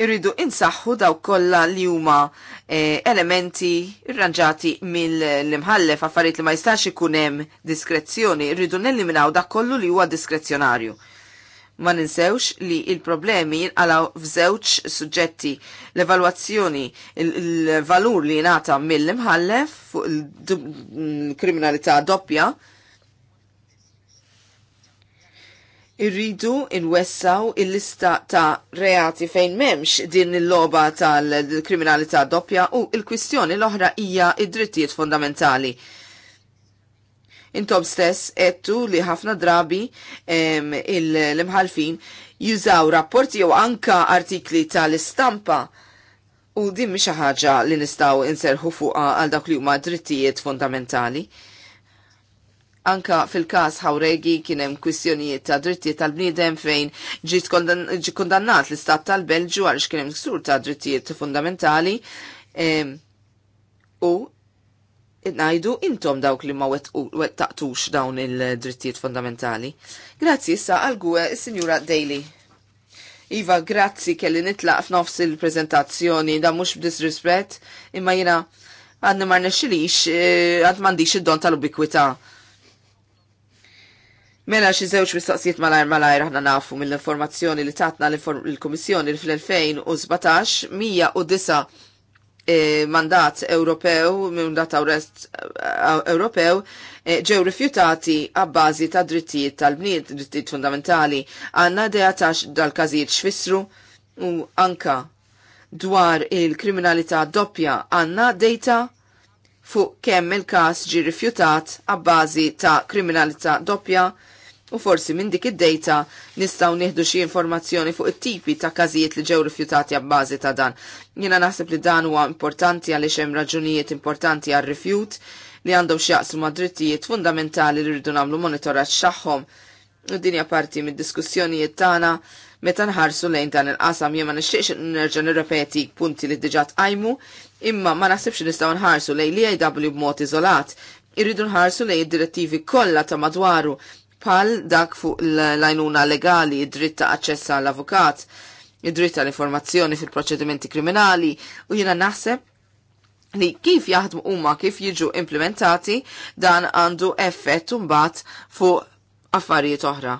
[SPEAKER 2] irridu insaħħu daw kollha li huma eh, elementi irranġati mill-imħallef affarijiet li ma jistax ikun hemm diskrezzjoni, irridu nelliminaw dak kollu li huwa diskrezzjonarju. Ma ninsewx li il-problemi jinqalaw f'żewġ suġġetti l-evalwazzjoni il-valur li jingħata mill-imħallef fuq il-kriminalità mm, doppja irridu inwessaw il-lista ta' reati fejn memx din il-loba tal-kriminalità doppja u il-kwistjoni l-oħra hija id-drittijiet fondamentali. Intom stess ettu li ħafna drabi l-imħalfin jużaw rapporti jew anka artikli tal-istampa u din mhix ħaġa li nistgħu inserħu fuqha għal dak li huma drittijiet fundamentali. Anka fil-kas Hawregi kienem kwistjonijiet ta' drittijiet tal-bniedem fejn ġiet kondannat l-istat tal-Belġu għaliex kienem ksur ta' drittijiet fundamentali u najdu intom dawk li ma wettaqtux dawn il-drittijiet fundamentali. Grazzi issa għal-gwe il-Sinjura Daly. Iva, grazzi kelli nitlaq f'nofs il-prezentazzjoni, da mux b'disrispet, imma jina għadna marna xilix, eh, għad mandiċ id-don tal-ubikwita. Mela xi żewġ mistoqsijiet malajr malajr aħna nafu mill-informazzjoni li tatna l-Kummissjoni fl-2017 mija u disa e, mandat Ewropew, mandat Awrest e, Ewropew, e, ġew rifjutati għabbażi ta' drittijiet tal-bniet, drittijiet fundamentali, għanna dea tax dal-kazijiet xfissru u anka dwar il-kriminalità doppja għanna dejta fuq kemm il-kas ġi rifjutat għabbażi ta' kriminalità doppja U forsi minn dik id-data nistgħu nieħdu xi informazzjoni fuq it-tipi ta' każijiet li ġew rifjutati abbażi ta' dan. Jiena naħseb li dan huwa importanti għaliex hemm raġunijiet importanti għar-rifjut li għandhom x'jaqsmu ma' drittijiet fundamentali li rridu nagħmlu monitoraġġ tagħhom. U dinja parti mid-diskussjonijiet tagħna meta nħarsu lejn dan il-qasam ma nixtieqx nerġa' nirrepeti punti li diġà tqajmu, imma ma naħsibx nistgħu nħarsu lejn li AW b'mod iżolat. Irridu nħarsu lejn id-direttivi kollha ta' madwaru pal dak fuq l-lajnuna legali, id-dritta aċċess għall avukat id-dritta l-informazzjoni fil-proċedimenti kriminali u jiena naħseb li kif jaħdmu huma kif jiġu implementati dan għandu effett mbagħad fuq affarijiet oħra.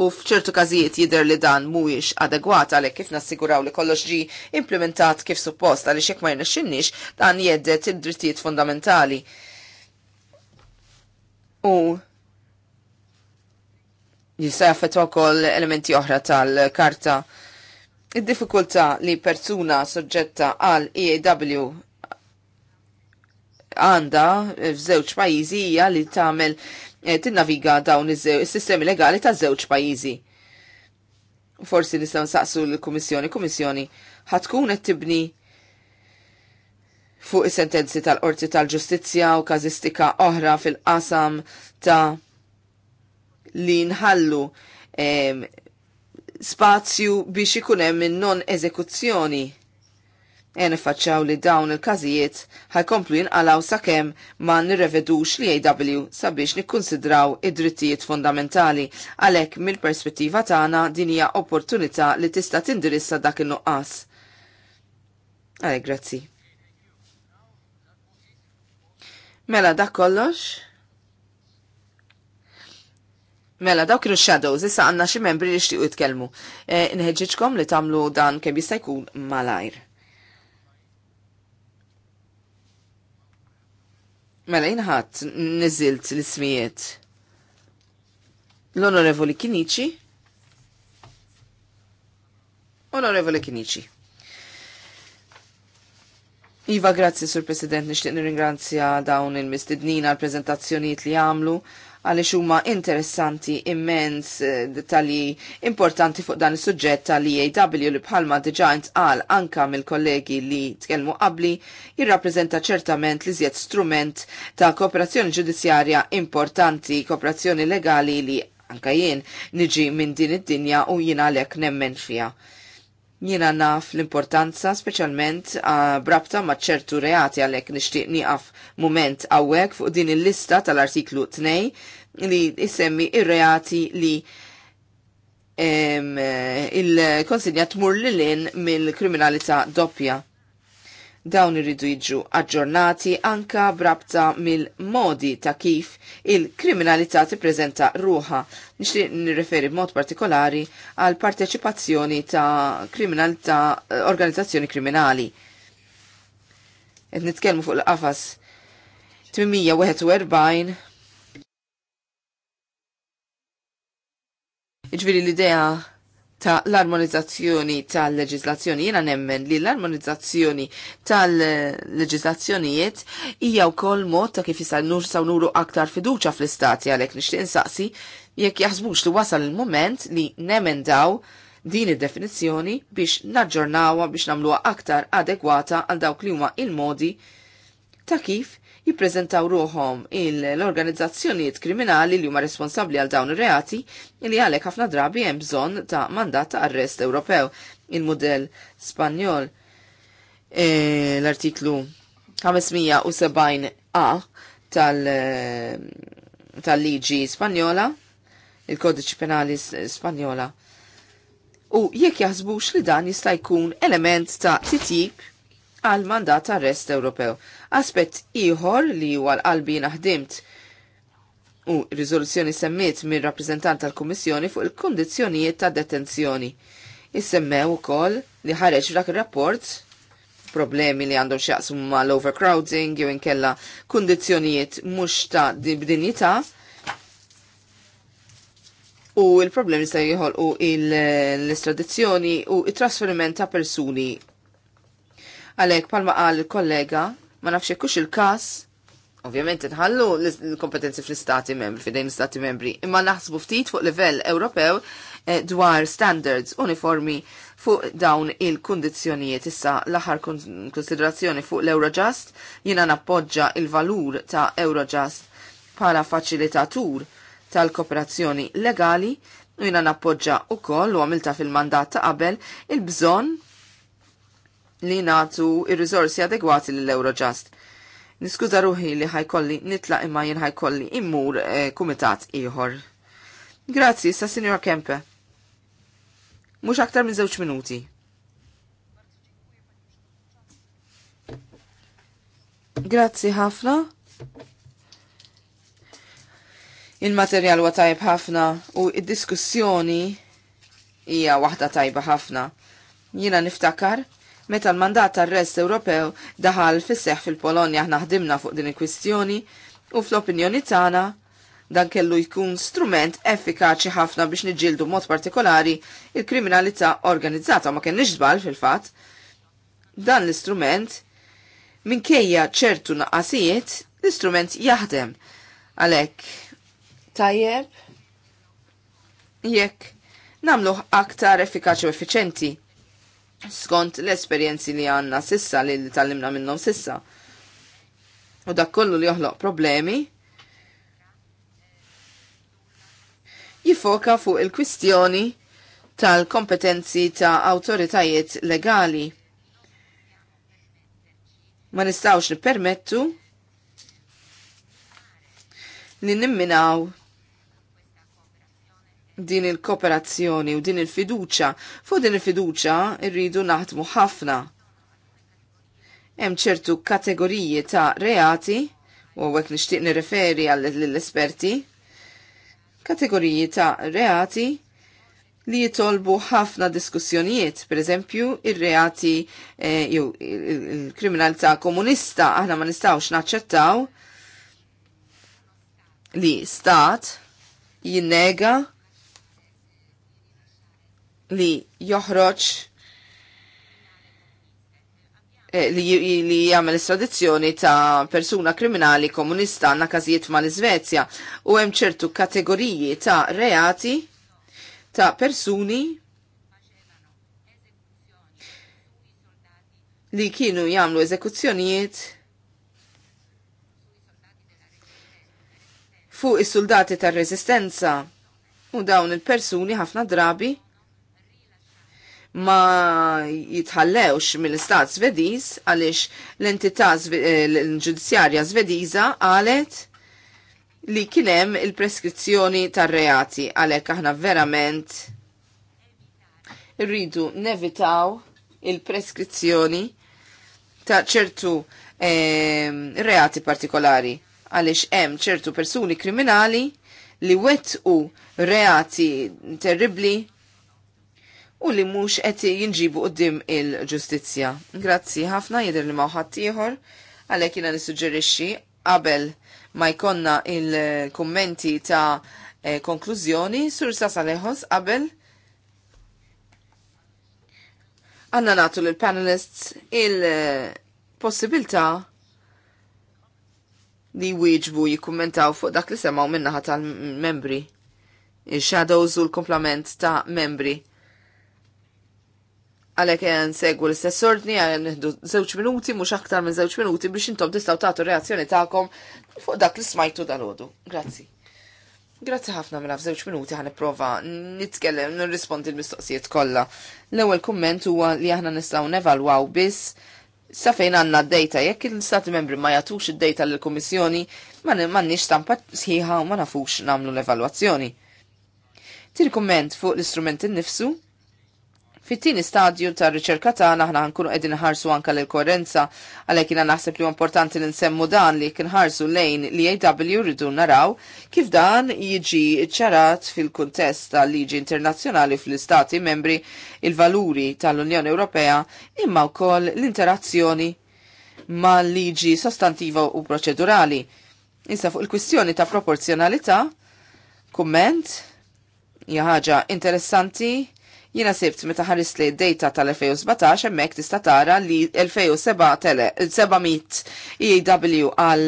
[SPEAKER 2] U f'ċertu każijiet jidher li dan mhuwiex adegwat għalhekk kif nassiguraw li kollox ġi implementat kif suppost għaliex jekk ma jnexxinniex dan jeddet id-drittijiet fundamentali. U jista' jaffettwa elementi oħra tal-karta. Id-diffikultà li persuna soġġetta għal EAW għanda f'żewġ pajjiżi hija li tagħmel eh, tinnaviga dawn is-sistemi legali ta' żewġ pajjiżi. Forsi nistgħu nsaqsu l-Kummissjoni, Kummissjoni ħatkun qed tibni fuq is-sentenzi tal-Qorti tal-Ġustizzja u każistika oħra fil-qasam ta' li nħallu eh, spazju biex ikun hemm non eżekuzzjoni. E nifacċaw li dawn il-każijiet ħajkomplu jinqalaw sakemm ma nirrevedux li AW sabiex nikkonsidraw id-drittijiet fondamentali għalhekk mill-perspettiva tagħna din hija opportunità li tista' tindirissa dak in-nuqqas. Għalhekk grazzi. Mela dak kollox? Mela, dawk kienu shadows, issa għanna xi membri li xtiqu jitkellmu. E, li tagħmlu dan kemm jista' jkun malajr. Mela, jinħat niżilt l-ismijiet. L-Onorevoli Kinici. Onorevoli Kinici. Iva, grazzi, Sur President, nixtieq nirringrazzja dawn il-mistednina għal prezentazzjoniet li għamlu għaliex huma interessanti immens eh, dettalji importanti fuq dan is-suġġett tal-EAW li bħalma diġà intqal anka mill-kollegi li tkellmu qabli jirrappreżenta ċertament li żjed strument ta' kooperazzjoni ġudizzjarja importanti, kooperazzjoni legali li anka jien niġi minn din id-dinja u jina għalhekk nemmen fija. Jiena naf l-importanza speċjalment brabta ma' ċertu reati għalhekk nixtieq nieqaf mument għawek fuq din il-lista tal-artiklu 2 li isemmi il reati li il-konsinja tmur l-lin mill-kriminalità doppja. Dawn iridu jiġu aġġornati anka brabta mill-modi ta' kif il-kriminalità tippreżenta ruħa. Nixtieq nirreferi b'mod partikolari għal parteċipazzjoni ta' kriminalità eh, organizzazzjoni kriminali. Qed nitkellmu fuq l-qafas 841 Iġviri l-idea ta' l-armonizzazzjoni tal-leġizlazzjoni. Jena nemmen li l-armonizzazzjoni tal-leġizlazzjonijiet hija wkoll mod ta' kif jisal nur saw nuru aktar fiduċa fl-istati għalhekk nixtieq insaqsi jekk jaħsbux li wasal il-moment li daw din id-definizzjoni biex naġġornawha biex nagħmluha aktar adegwata għal dawk li huma il-modi ta' kif jippreżentaw ruħom l-organizzazzjonijiet kriminali li huma responsabbli għal dawn ir-reati li għalhekk ħafna drabi hemm bżonn ta' mandat ta' arrest Ewropew il-mudell Spanjol e, l-artiklu 570a e, tal-liġi tal Spanjola il-kodiċi penali Spanjola. U jekk jaħsbux li dan jista' jkun element ta' titjib għal mandat Arrest Ewropew. Aspett ieħor li huwa l-qalbi naħdimt u riżoluzzjoni semmiet mir rappreżentant tal-Kummissjoni fuq il-kundizzjonijiet ta' detenzjoni. Issemmew ukoll li ħareġ dak ir-rapport problemi li għandhom xaqsmu ma l-overcrowding jew inkella kundizzjonijiet mhux ta' b'dinjità u il-problemi se u l istradizzjoni u il-trasferiment ta' persuni Għalek, palma għal kollega, ma nafxie kux il-kas, ovvjament nħallu l-kompetenzi fl-istati membri, fidejn l-istati membri, imma naħsbu ftit fuq livell Ewropew eh, dwar standards uniformi fuq dawn il-kondizjonijiet issa l-aħħar konsiderazzjoni fuq l-Eurojust jiena nappoġġa il-valur ta' Eurojust bħala faċilitatur tal-kooperazzjoni legali u jiena nappoġġa koll u għamilta fil-mandat ta' qabel il-bżonn li natu ir-rizorsi adegwati l-Eurojust. Niskuza ruħi li ħajkolli nitla imma jien ħajkolli immur eh, kumitat ieħor. Grazzi, sa' Signor Kempe. Mux aktar minn żewġ minuti. Grazzi ħafna. Il-materjal huwa tajb ħafna u id-diskussjoni hija waħda tajba ħafna. Jiena niftakar Meta l-mandat tar-Rest Ewropew daħal fisseħ fil-Polonja naħdimna fuq din il-kwistjoni u fl-opinjoni tagħna dan kellu jkun strument effikaċi ħafna biex niġġieldu mod partikolari il-kriminalità organizzata ma kenniex żball fil-fatt. Dan l-istrument minkejja ċertu naqasijiet l-istrument jaħdem. Għalek, tajjeb, jekk namluħ aktar effikaċi u effiċenti skont l-esperjenzi li għanna sissa li tal-limna minnom sissa. U dak kollu li joħloq problemi jifoka fuq il-kwistjoni tal-kompetenzi ta' autoritajiet legali. Ma nistawx nippermettu li nimminaw din il-kooperazzjoni u din il-fiduċa. Fuq din il-fiduċa irridu naħdmu ħafna. Hemm ċertu kategoriji ta' reati, u għek nixtieq nirreferi għall-esperti, kategoriji ta' reati li jitolbu ħafna diskussjonijiet, per eżempju, il reati eh, jew il-kriminalità komunista aħna ma nistgħux naċċettaw li stat jinnega li joħroġ eh, li, li jagħmel estradizzjoni ta' persuna kriminali komunista għandna każijiet mal-Iżvezja u hemm ċertu kategoriji ta' reati ta' persuni li kienu jagħmlu eżekuzzjonijiet fuq is-soldati tar-Resistenza u dawn il-persuni ħafna drabi ma jitħallewx mill-istat svediż għaliex l-entità eh, l-ġudizzjarja svediża qalet li kienem il-preskrizzjoni tar-reati għalhekk aħna verament rridu nevitaw il-preskrizzjoni ta' ċertu ehm, reati partikolari għaliex hemm ċertu persuni kriminali li wettqu reati terribli u li mhux qed jinġibu qoddim il-ġustizzja. Grazzi ħafna jidher li mawħat ieħor għalhekk jiena nissuġġerixxi qabel ma jkonna il-kummenti ta' eh, konklużjoni sur Sasaleħos qabel għanna natu l-panelists il-possibilta li wieġbu jikkummentaw fuq dak li semaw minnaħa tal-membri. Il-shadows u l komplament ta' membri għalek għan segwu l-istess ordni għan nħdu zewċ minuti, mux aktar minn zewċ minuti biex intom tistaw tagħtu reazzjoni tagħkom fuq dak li smajtu dal-ħodu. Grazzi. Grazzi ħafna minna f'żewġ minuti ħan prova nitkellem nirrispondi l-mistoqsijiet kollha. L-ewwel kumment huwa li aħna nistgħu nevalwaw biss sa fejn għandna d-dejta jekk il-Stati membri ma jagħtux id-dejta lill-Kummissjoni ma nix tampa sħiħa u ma nafux nagħmlu l-evalwazzjoni. Tir kumment fuq l-istrument innifsu, nifsu Fit-tieni stadju ta' riċerka tagħna aħna nkunu qegħdin ħarsu anke l-korrenza għalhekk jiena naħseb li importanti li nsemmu dan li kien ħarsu lejn li AW rridu naraw kif dan jiġi ċarat fil-kuntest tal-liġi internazzjonali fl-istati membri il-valuri tal-Unjoni Ewropea imma wkoll l-interazzjoni mal-liġi sostantiva u proċedurali. Issa fuq il-kwistjoni ta' proporzjonalità, kumment, ħaġa interessanti Jiena sibt meta ħarist li d-data tal-2017 hemmhekk tista' tara li 2700 EW għal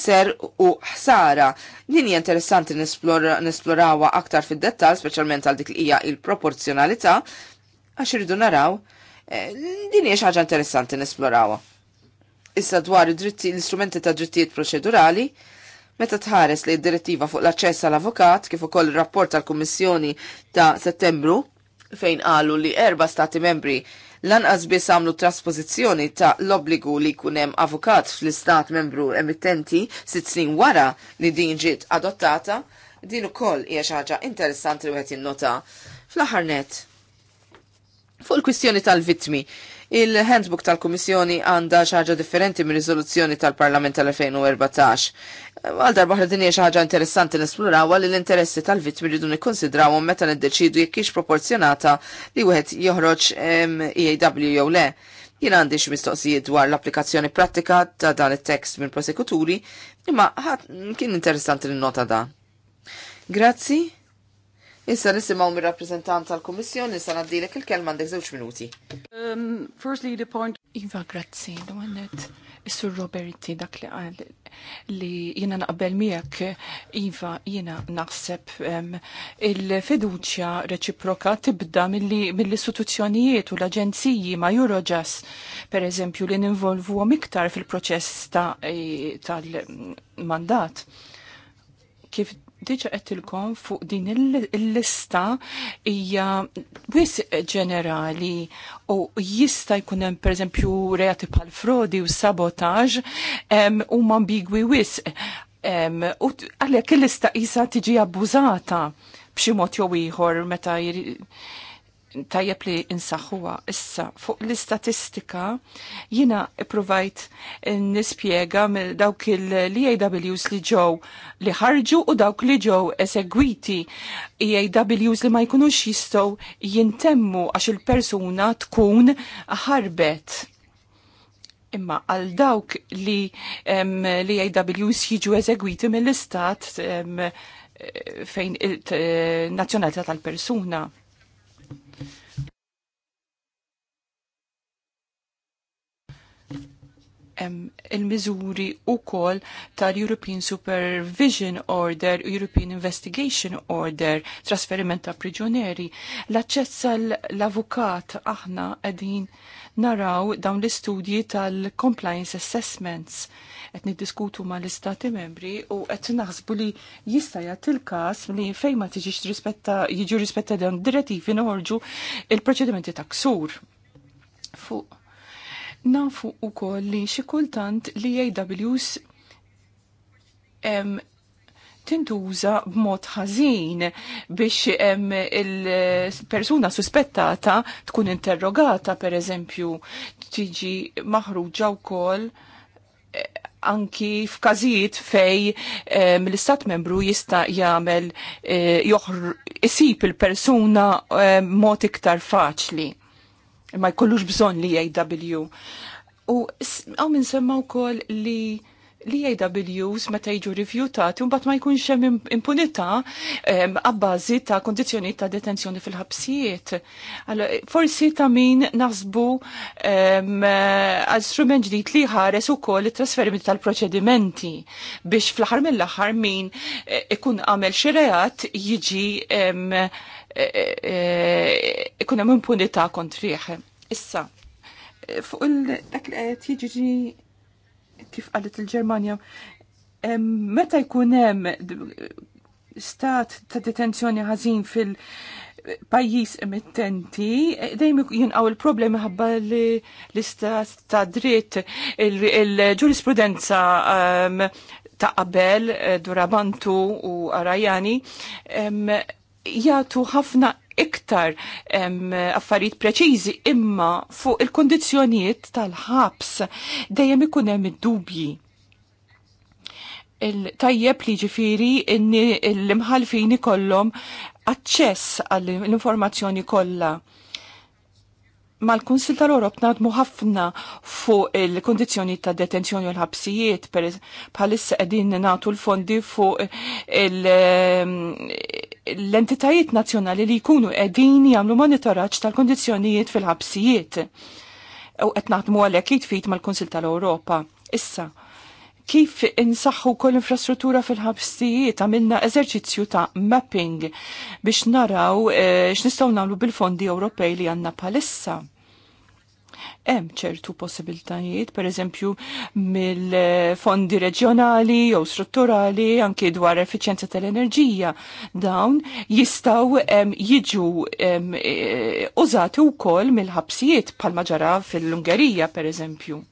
[SPEAKER 2] ser u ħsara. Nini interessanti nesplorawa aktar fid-dettal, speċjalment għal dik li hija il-proporzjonalità, għax irridu naraw eh, din hija ħaġa interessanti nesplorawa. Issa dwar l-istrumenti ta' drittijiet proċedurali, Meta tħares li d-direttiva fuq l-aċċess għal avukat kif ukoll ir-rapport tal-Kummissjoni ta' Settembru fejn qalu li erba' stati membri lanqas biss għamlu traspożizzjoni ta' l-obbligu li jkun hemm avukat fl-istat membru emittenti sitt snin wara li din ġiet adottata, din ukoll hija xi ħaġa interessanti li wieħed jinnota fl-aħħar net. Fuq il-kwistjoni tal-vittmi, Il-handbook tal-Komissjoni għandha xaġa differenti minn riżoluzzjoni tal-Parlament tal-2014. Għal darba din hija xaġa interessanti nesplura li l-interessi tal-vittmi rridu nikkonsidrawhom meta niddeċidu jekk hix proporzjonata li wieħed joħroġ EAW e jew le. Jien għandi mistoqsijiet dwar l-applikazzjoni prattika ta' dan it-tekst minn prosekuturi, imma kien interessanti l-nota da. Grazzi. Issa nisimaw mir rappresentant tal-Kommissjoni, issa naddilek il-kelma għandek żewġ minuti.
[SPEAKER 1] Um, firstly, the point... Iva, grazzi, għannet. Sur Roberti dak li għal li jina naqbel miegħek Iva jina naħseb il-fiduċja reċiproka tibda mill-istituzzjonijiet u l-aġenziji ma Euroġas per eżempju li ninvolvuhom iktar fil-proċess tal-mandat kif diġa għettilkom fuq din il-lista hija wis ġenerali u jista' jkun hemm pereżempju reati bħal frodi u sabotaġ huma ambigwi wis u għalhekk il-lista qisha tiġi abbużata b'xi mod jew ieħor meta tajjeb li insaħħuha issa fuq l-istatistika jina provajt nispjega mill dawk il-EAWs li ġew li ħarġu u dawk li ġew esegwiti EAWs li ma jkunux jistgħu jintemmu għax il-persuna tkun ħarbet. Imma għal dawk li l-EAWs jiġu eżegwiti mill-istat eh, fejn il-nazzjonalità eh, tal-persuna il-miżuri wkoll tal-European Supervision Order, European Investigation Order, trasferiment ta' prigjoneri. L-aċċess l-avukat aħna qegħdin naraw dawn l-istudji tal-compliance assessments qed niddiskutu ma l-istati membri u qed naħsbu li jista' jagħti il-każ li fejn ma tiġix rispetta jiġu rispetta dawn direttivi noħorġu il-proċedimenti ta' ksur fuq Nafu u koll li xikultant li AWS tintuża b'mod ħażin biex il-persuna suspettata tkun interrogata per eżempju tiġi maħruġa wkoll eh, anki f'każijiet fej l-istat membru jista' jagħmel eh, isib il-persuna eh, mod iktar faċli ma jkollux bżon li AW. U għaw minn semma wkoll li li AWs meta jiġu rivjutati un bat ma jkunx hemm impunità għabbażi ta' kondizjoni ta' detenzjoni fil-ħabsijiet. Forsi ta' min naħsbu għal strument ġdid li ħares ukoll it trasferimit tal-proċedimenti biex fl-aħħar mill-aħħar min eh, ikun għamel xi reat jiġi E, e, e, ikun hemm impunità kontriħe. Issa, fuq il-dak li kif għallet il-Ġermanja, meta jkun hemm stat ta' detenzjoni ħażin fil- pajjiż emittenti, dejjem jinqaw il-problemi ħabba li l-istat ta' dritt il-ġurisprudenza ta' qabel eh, Durabantu u Arajani jgħatu ħafna iktar affarijiet preċiżi imma fuq il-kondizzjonijiet tal-ħabs dejjem ikun hemm id-dubji il-tajjeb li ġifiri l-imħalfini kollom aċċess għall-informazzjoni kollha. Mal-Kunsil tal-Europ nadmu ħafna fuq il-kondizjoni ta' detenzjoni u l-ħabsijiet, bħalissa qegħdin nagħtu l-fondi fuq il- l-entitajiet nazzjonali li jkunu qegħdin jagħmlu monitoraġġ tal kondizjonijiet fil-ħabsijiet. U qed naħdmu għalhekk jitfit mal-Kunsil tal-Ewropa. Issa, kif insaħħu kol infrastruttura fil-ħabsijiet għamilna eżerċizzju ta' mapping biex naraw eh, x'nistgħu nagħmlu bil-fondi Ewropej li għandna palissa hemm ċertu possibiltajiet, per eżempju mill-fondi reġjonali jew strutturali anki dwar effiċjenza tal-enerġija dawn jistaw jiġu e, użati wkoll mill-ħabsijiet bħal ġara fil-Ungerija per eżempju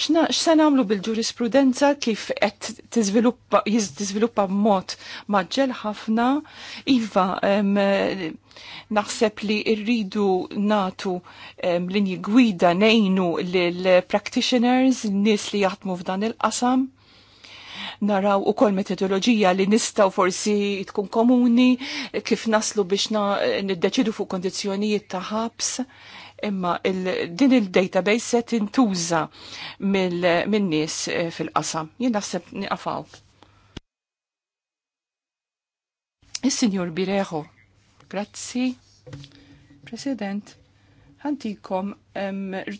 [SPEAKER 1] xsa nagħmlu bil-ġurisprudenza kif qed tiżviluppa b'mod maġġel ħafna, iva naħseb li rridu natu linji gwida nejnu lill-practitioners, nies li jaħdmu f'dan il-qasam naraw u kol metodologija li nistaw forsi tkun komuni, kif naslu biex niddeċidu fuq kondizjonijiet ta' ħabs, imma il din il-database se tintuża minn nies eh, fil-qasam. Jien naħseb niqafaw. Is-Sinjur Birejo, grazzi, President, ħantikom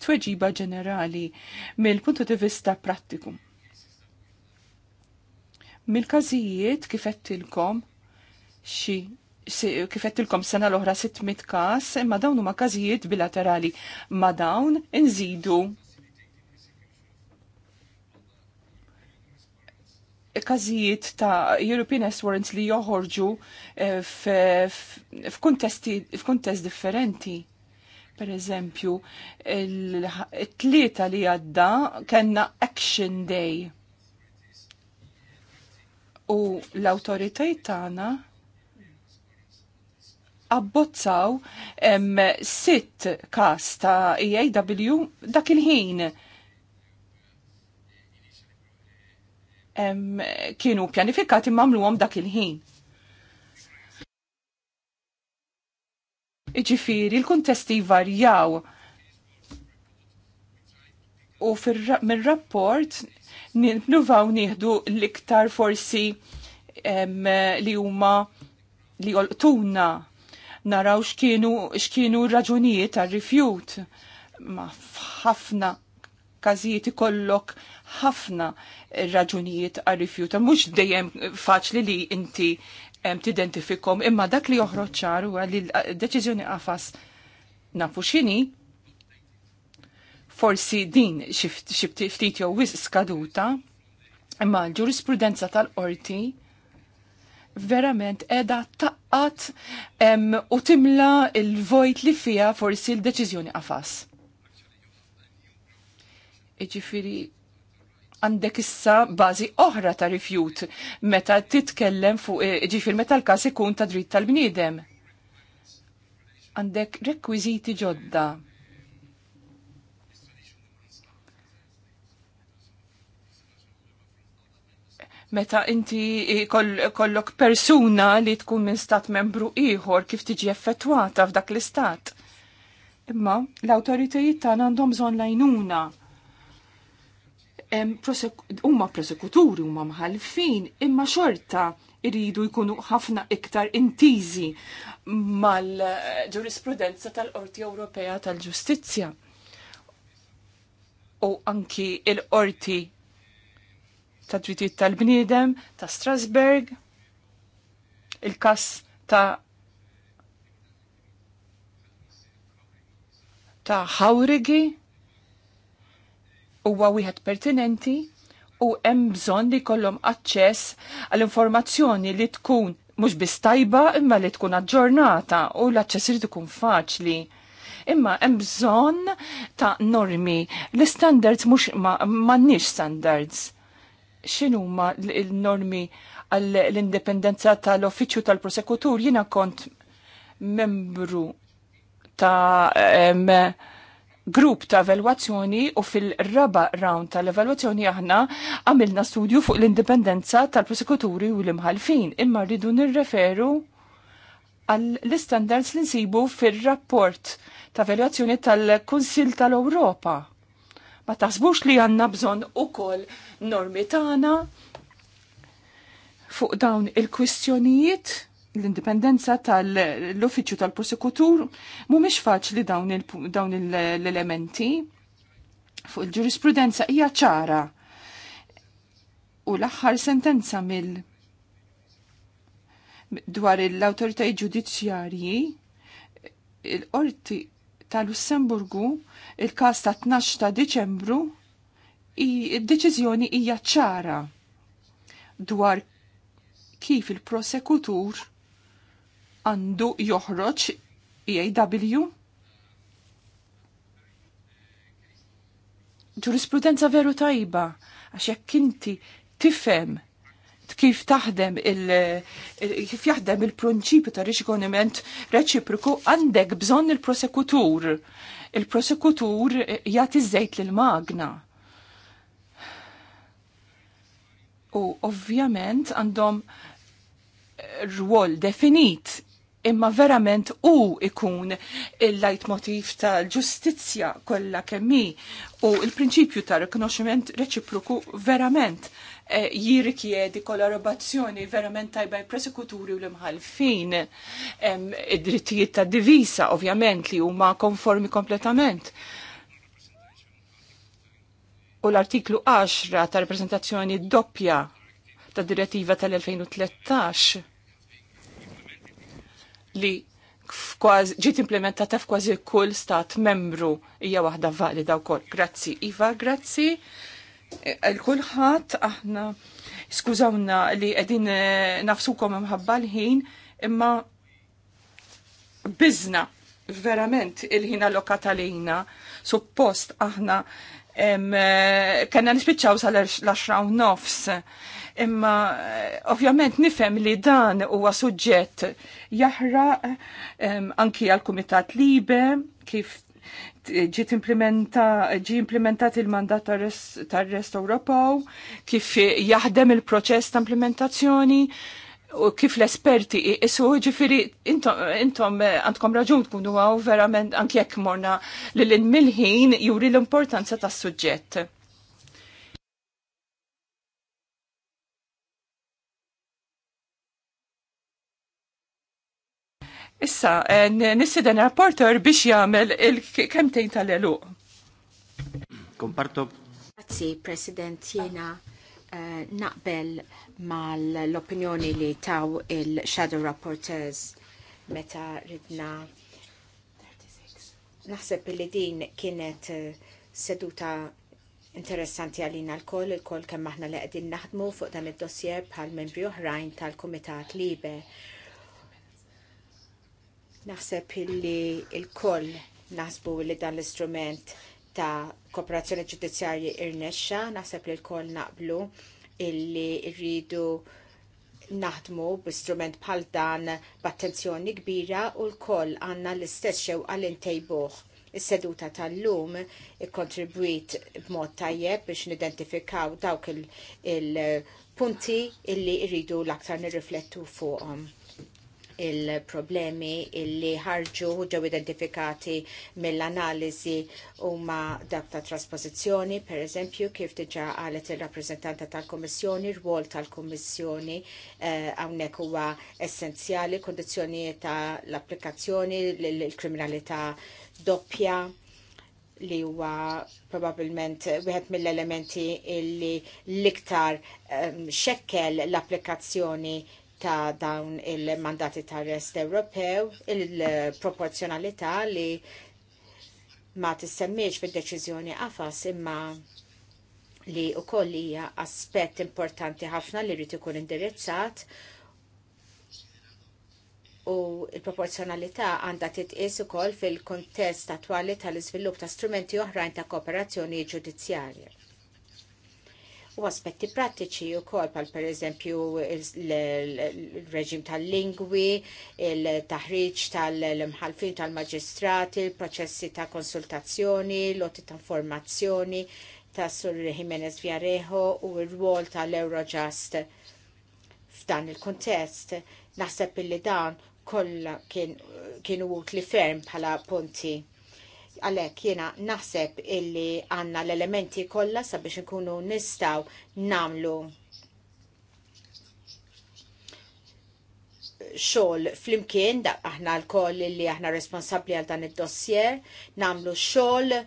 [SPEAKER 1] tweġiba ġenerali mill-puntu di vista prattiku. Mill-każijiet kif qedtilkom xi kifettilkom sena l-oħra 600 kas, imma dawn huma każijiet bilaterali. Ma dawn inżidu każijiet ta' European S warrants li joħorġu eh, f'kuntest differenti. Per eżempju, il-tlieta li għadda kellna Action Day. U l-autoritajt tagħna abbozzaw sitt kas ta' EAW dak il-ħin. Kienu pjanifikati mamluhom dak il-ħin. Iġifiri, il-kontesti varjaw. U fil-rapport nipruvaw nieħdu l-iktar forsi li huma li jolqtuna naraw x'kienu raġunijiet għar-rifjut. Ma ħafna każijiet ikollok ħafna raġunijiet għal rifjut Mhux dejjem faċli li inti tidentifikom, imma dak li joħroġ ċar huwa li l-deċiżjoni qafas nafu x'inhi forsi din xi ftit jew wisq skaduta, imma l-ġurisprudenza tal-qorti verament edha taqqat u timla il-vojt li fija forsi l-deċizjoni qafas. Iġifiri, għandek issa bazi oħra ta' rifjut meta titkellem fuq e, ġifir meta l-kas ikun ta' dritt tal-bniedem. Għandek rekwiziti ġodda meta inti kollok persuna li tkun minn stat membru ieħor kif tiġi effettwata f'dak l-istat. Imma l-awtoritajiet tagħna għandhom bżonn lajnuna. Huma prosekuturi huma mħalfin, imma xorta iridu jkunu ħafna iktar intiżi mal-ġurisprudenza tal-Qorti Ewropea tal-Ġustizzja. U anki il-Qorti ta' drittijiet tal-bniedem ta' Strasberg, il-kas ta' ta' Hawrigi huwa wieħed pertinenti u hemm bżonn li jkollhom aċċess għall-informazzjoni li tkun mhux biss tajba imma li tkun aġġornata u l-aċċess irid ikun faċli imma hemm bżonn ta' normi. L-standards mhux m'għandniex standards xinuma l normi għall-indipendenza tal offiċu tal-Prosekutur jina kont membru ta' grupp ta' evalwazzjoni u fil-raba round tal-evalwazzjoni aħna għamilna studju fuq l-indipendenza tal-prosekuturi u l-imħalfin imma rridu nirreferu għall-standards li nsibu fil-rapport ta' evaluazzjoni tal-Kunsil tal-Europa ma tasbux li għanna bżon u koll normi tagħna fuq dawn il-kwistjonijiet l-indipendenza tal-uffiċċju tal-prosekutur mhumiex faċli dawn l-elementi fuq il-ġurisprudenza hija ċara u l-aħħar sentenza mill dwar l-autoritajiet ġudizzjarji il-qorti ta' Lussemburgu il-każ ta' 12 ta' Diċembru id-deċiżjoni hija ċara dwar kif il-prosekutur għandu joħroġ EAW ġurisprudenza veru tajba, għax jekk inti tifhem kif taħdem il- kif jaħdem il-prinċipju ta' riċikoniment reċiproku għandek bżonn il-prosekutur. Il-prosekutur jagħti żejt lill magna. U ovvjament għandhom rwol definit imma verament u ikun il-lajtmotiv tal-ġustizja kollha kemmi u il-prinċipju ta' rikonoxximent reċiproku verament E, jirrikjedi kollaborazzjoni verament tajba presekuturi u l-imħalfin id-drittijiet ta' divisa ovvjament li huma konformi kompletament. U l-artiklu 10 ta' reprezentazzjoni doppja ta' direttiva tal-2013 li ġiet implementata f'kważi kull stat membru hija waħda valida wkoll. Grazzi, Iva, grazzi l-kulħadd aħna skużawna li qegħdin eh, nafsukom imħabba l-ħin imma bizna verament il-ħin li jina suppost aħna eh, kena nispiċċaw l 10 nofs imma eh, ovvjament nifem li dan huwa suġġett jaħra anki għal kumitat libe kif ġiet implementa, ġi implementat il-mandat tar-rest Ewropew, kif jaħdem il-proċess ta' implementazzjoni u kif l-esperti isu ġifiri intom għandkom raġun tkunu għaw verament anki jekk morna l-inmilħin juri l-importanza tas suġġett Issa, eh, nissiden rapporter biex jagħmel il-kemtejn tal-eluq. Komparto. Grazzi,
[SPEAKER 3] President, jena eh, naqbel mal-opinjoni li taw il-Shadow Rapporteurs meta ridna. Naħseb li din kienet eh, seduta interessanti għalina l-koll, l-koll kemm aħna li qegħdin naħdmu fuq dan id-dossier bħal membri oħrajn tal-Kumitat Libe Naħseb illi il-koll naħsbu li dan l-istrument ta' kooperazzjoni ġudizzjarji irnexxa, naħseb li l-koll naqblu illi rridu naħdmu b'istrument bħal dan b'attenzjoni kbira u l-koll għanna l-istess xewqa l intejbuh Is-seduta tal-lum ikkontribwit b'mod tajjeb biex nidentifikaw dawk il-punti il illi rridu l-aktar nirriflettu fuqhom il-problemi illi ħarġu ġew identifikati mill-analiżi huma dak ta' trasposizjoni, per eżempju, kif diġà qalet ir-rappreżentanta tal-Kummissjoni, rwol tal-Kummissjoni eh, hawnhekk huwa essenzjali, kundizzjonijiet ta' l-applikazzjoni, l-kriminalità doppja li huwa probabilment wieħed mill-elementi illi l-iktar ehm, xekkel l-applikazzjoni ta' dawn il-mandati ta' rest Ewropew, il-proporzjonalità li ma tissemmiex fil-deċiżjoni għafas imma li u kollija hija aspett importanti ħafna li rrid ikun indirizzat u il-proporzjonalità għandha titqis ukoll fil-kontest attwali tal-iżvilupp ta' strumenti oħrajn ta' kooperazzjoni ġudizzjarja u aspetti pratiċi u kol, pal per eżempju il-reġim tal-lingwi, il-taħriġ tal-mħalfin tal-magistrati, il-proċessi ta' konsultazzjoni, loti ta' informazzjoni ta' Sur Jimenez Viarejo u r-rwol tal-Eurojust f'dan il-kontest. Naħseb illi dan kollha kienu kien utli ferm bħala punti Għalhekk jiena naħseb illi għandna l-elementi kollha sabiex inkunu nistgħu nagħmlu xogħol flimkien aħna l-koll li aħna responsabbli għal dan id-dossier, nagħmlu xogħol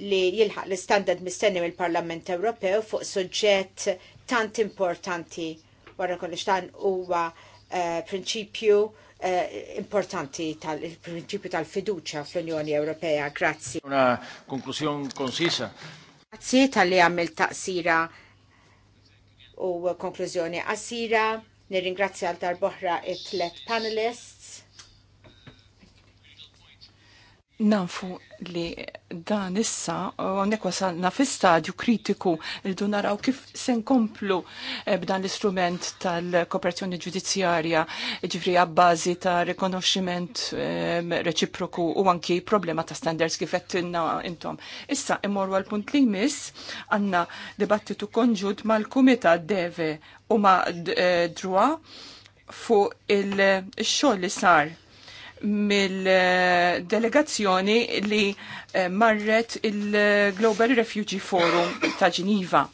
[SPEAKER 3] li jilħaq l-istandard mistenni mill-Parlament Ewropew fuq suġġett tant importanti wara kollox dan huwa uh, prinċipju Eh, importanti tal-prinċipju tal-fiduċa fl-Unjoni Ewropea. Grazzi. Una konklusjon konsisa. Grazzi tal-li għamil taqsira u konklużjoni qasira. Nirringrazzja għal darboħra it-tlet panelists
[SPEAKER 1] Nafu li dan issa, għonek wasalna fi stadju kritiku rridu naraw kif se nkomplu eh, b'dan l-istrument tal-kooperazzjoni ġudizzjarja, ġifri għabbazi ta' rikonoxximent eh, reċiproku u anki problema ta' standards kif għettinna intom. Issa, immorru għal-punt li jmiss, għanna dibattitu konġud mal-kumita deve u ma' eh, drua fuq il-xol li sar mill-delegazzjoni li eh, marret il-Global Refugee Forum ta' Ġiniva.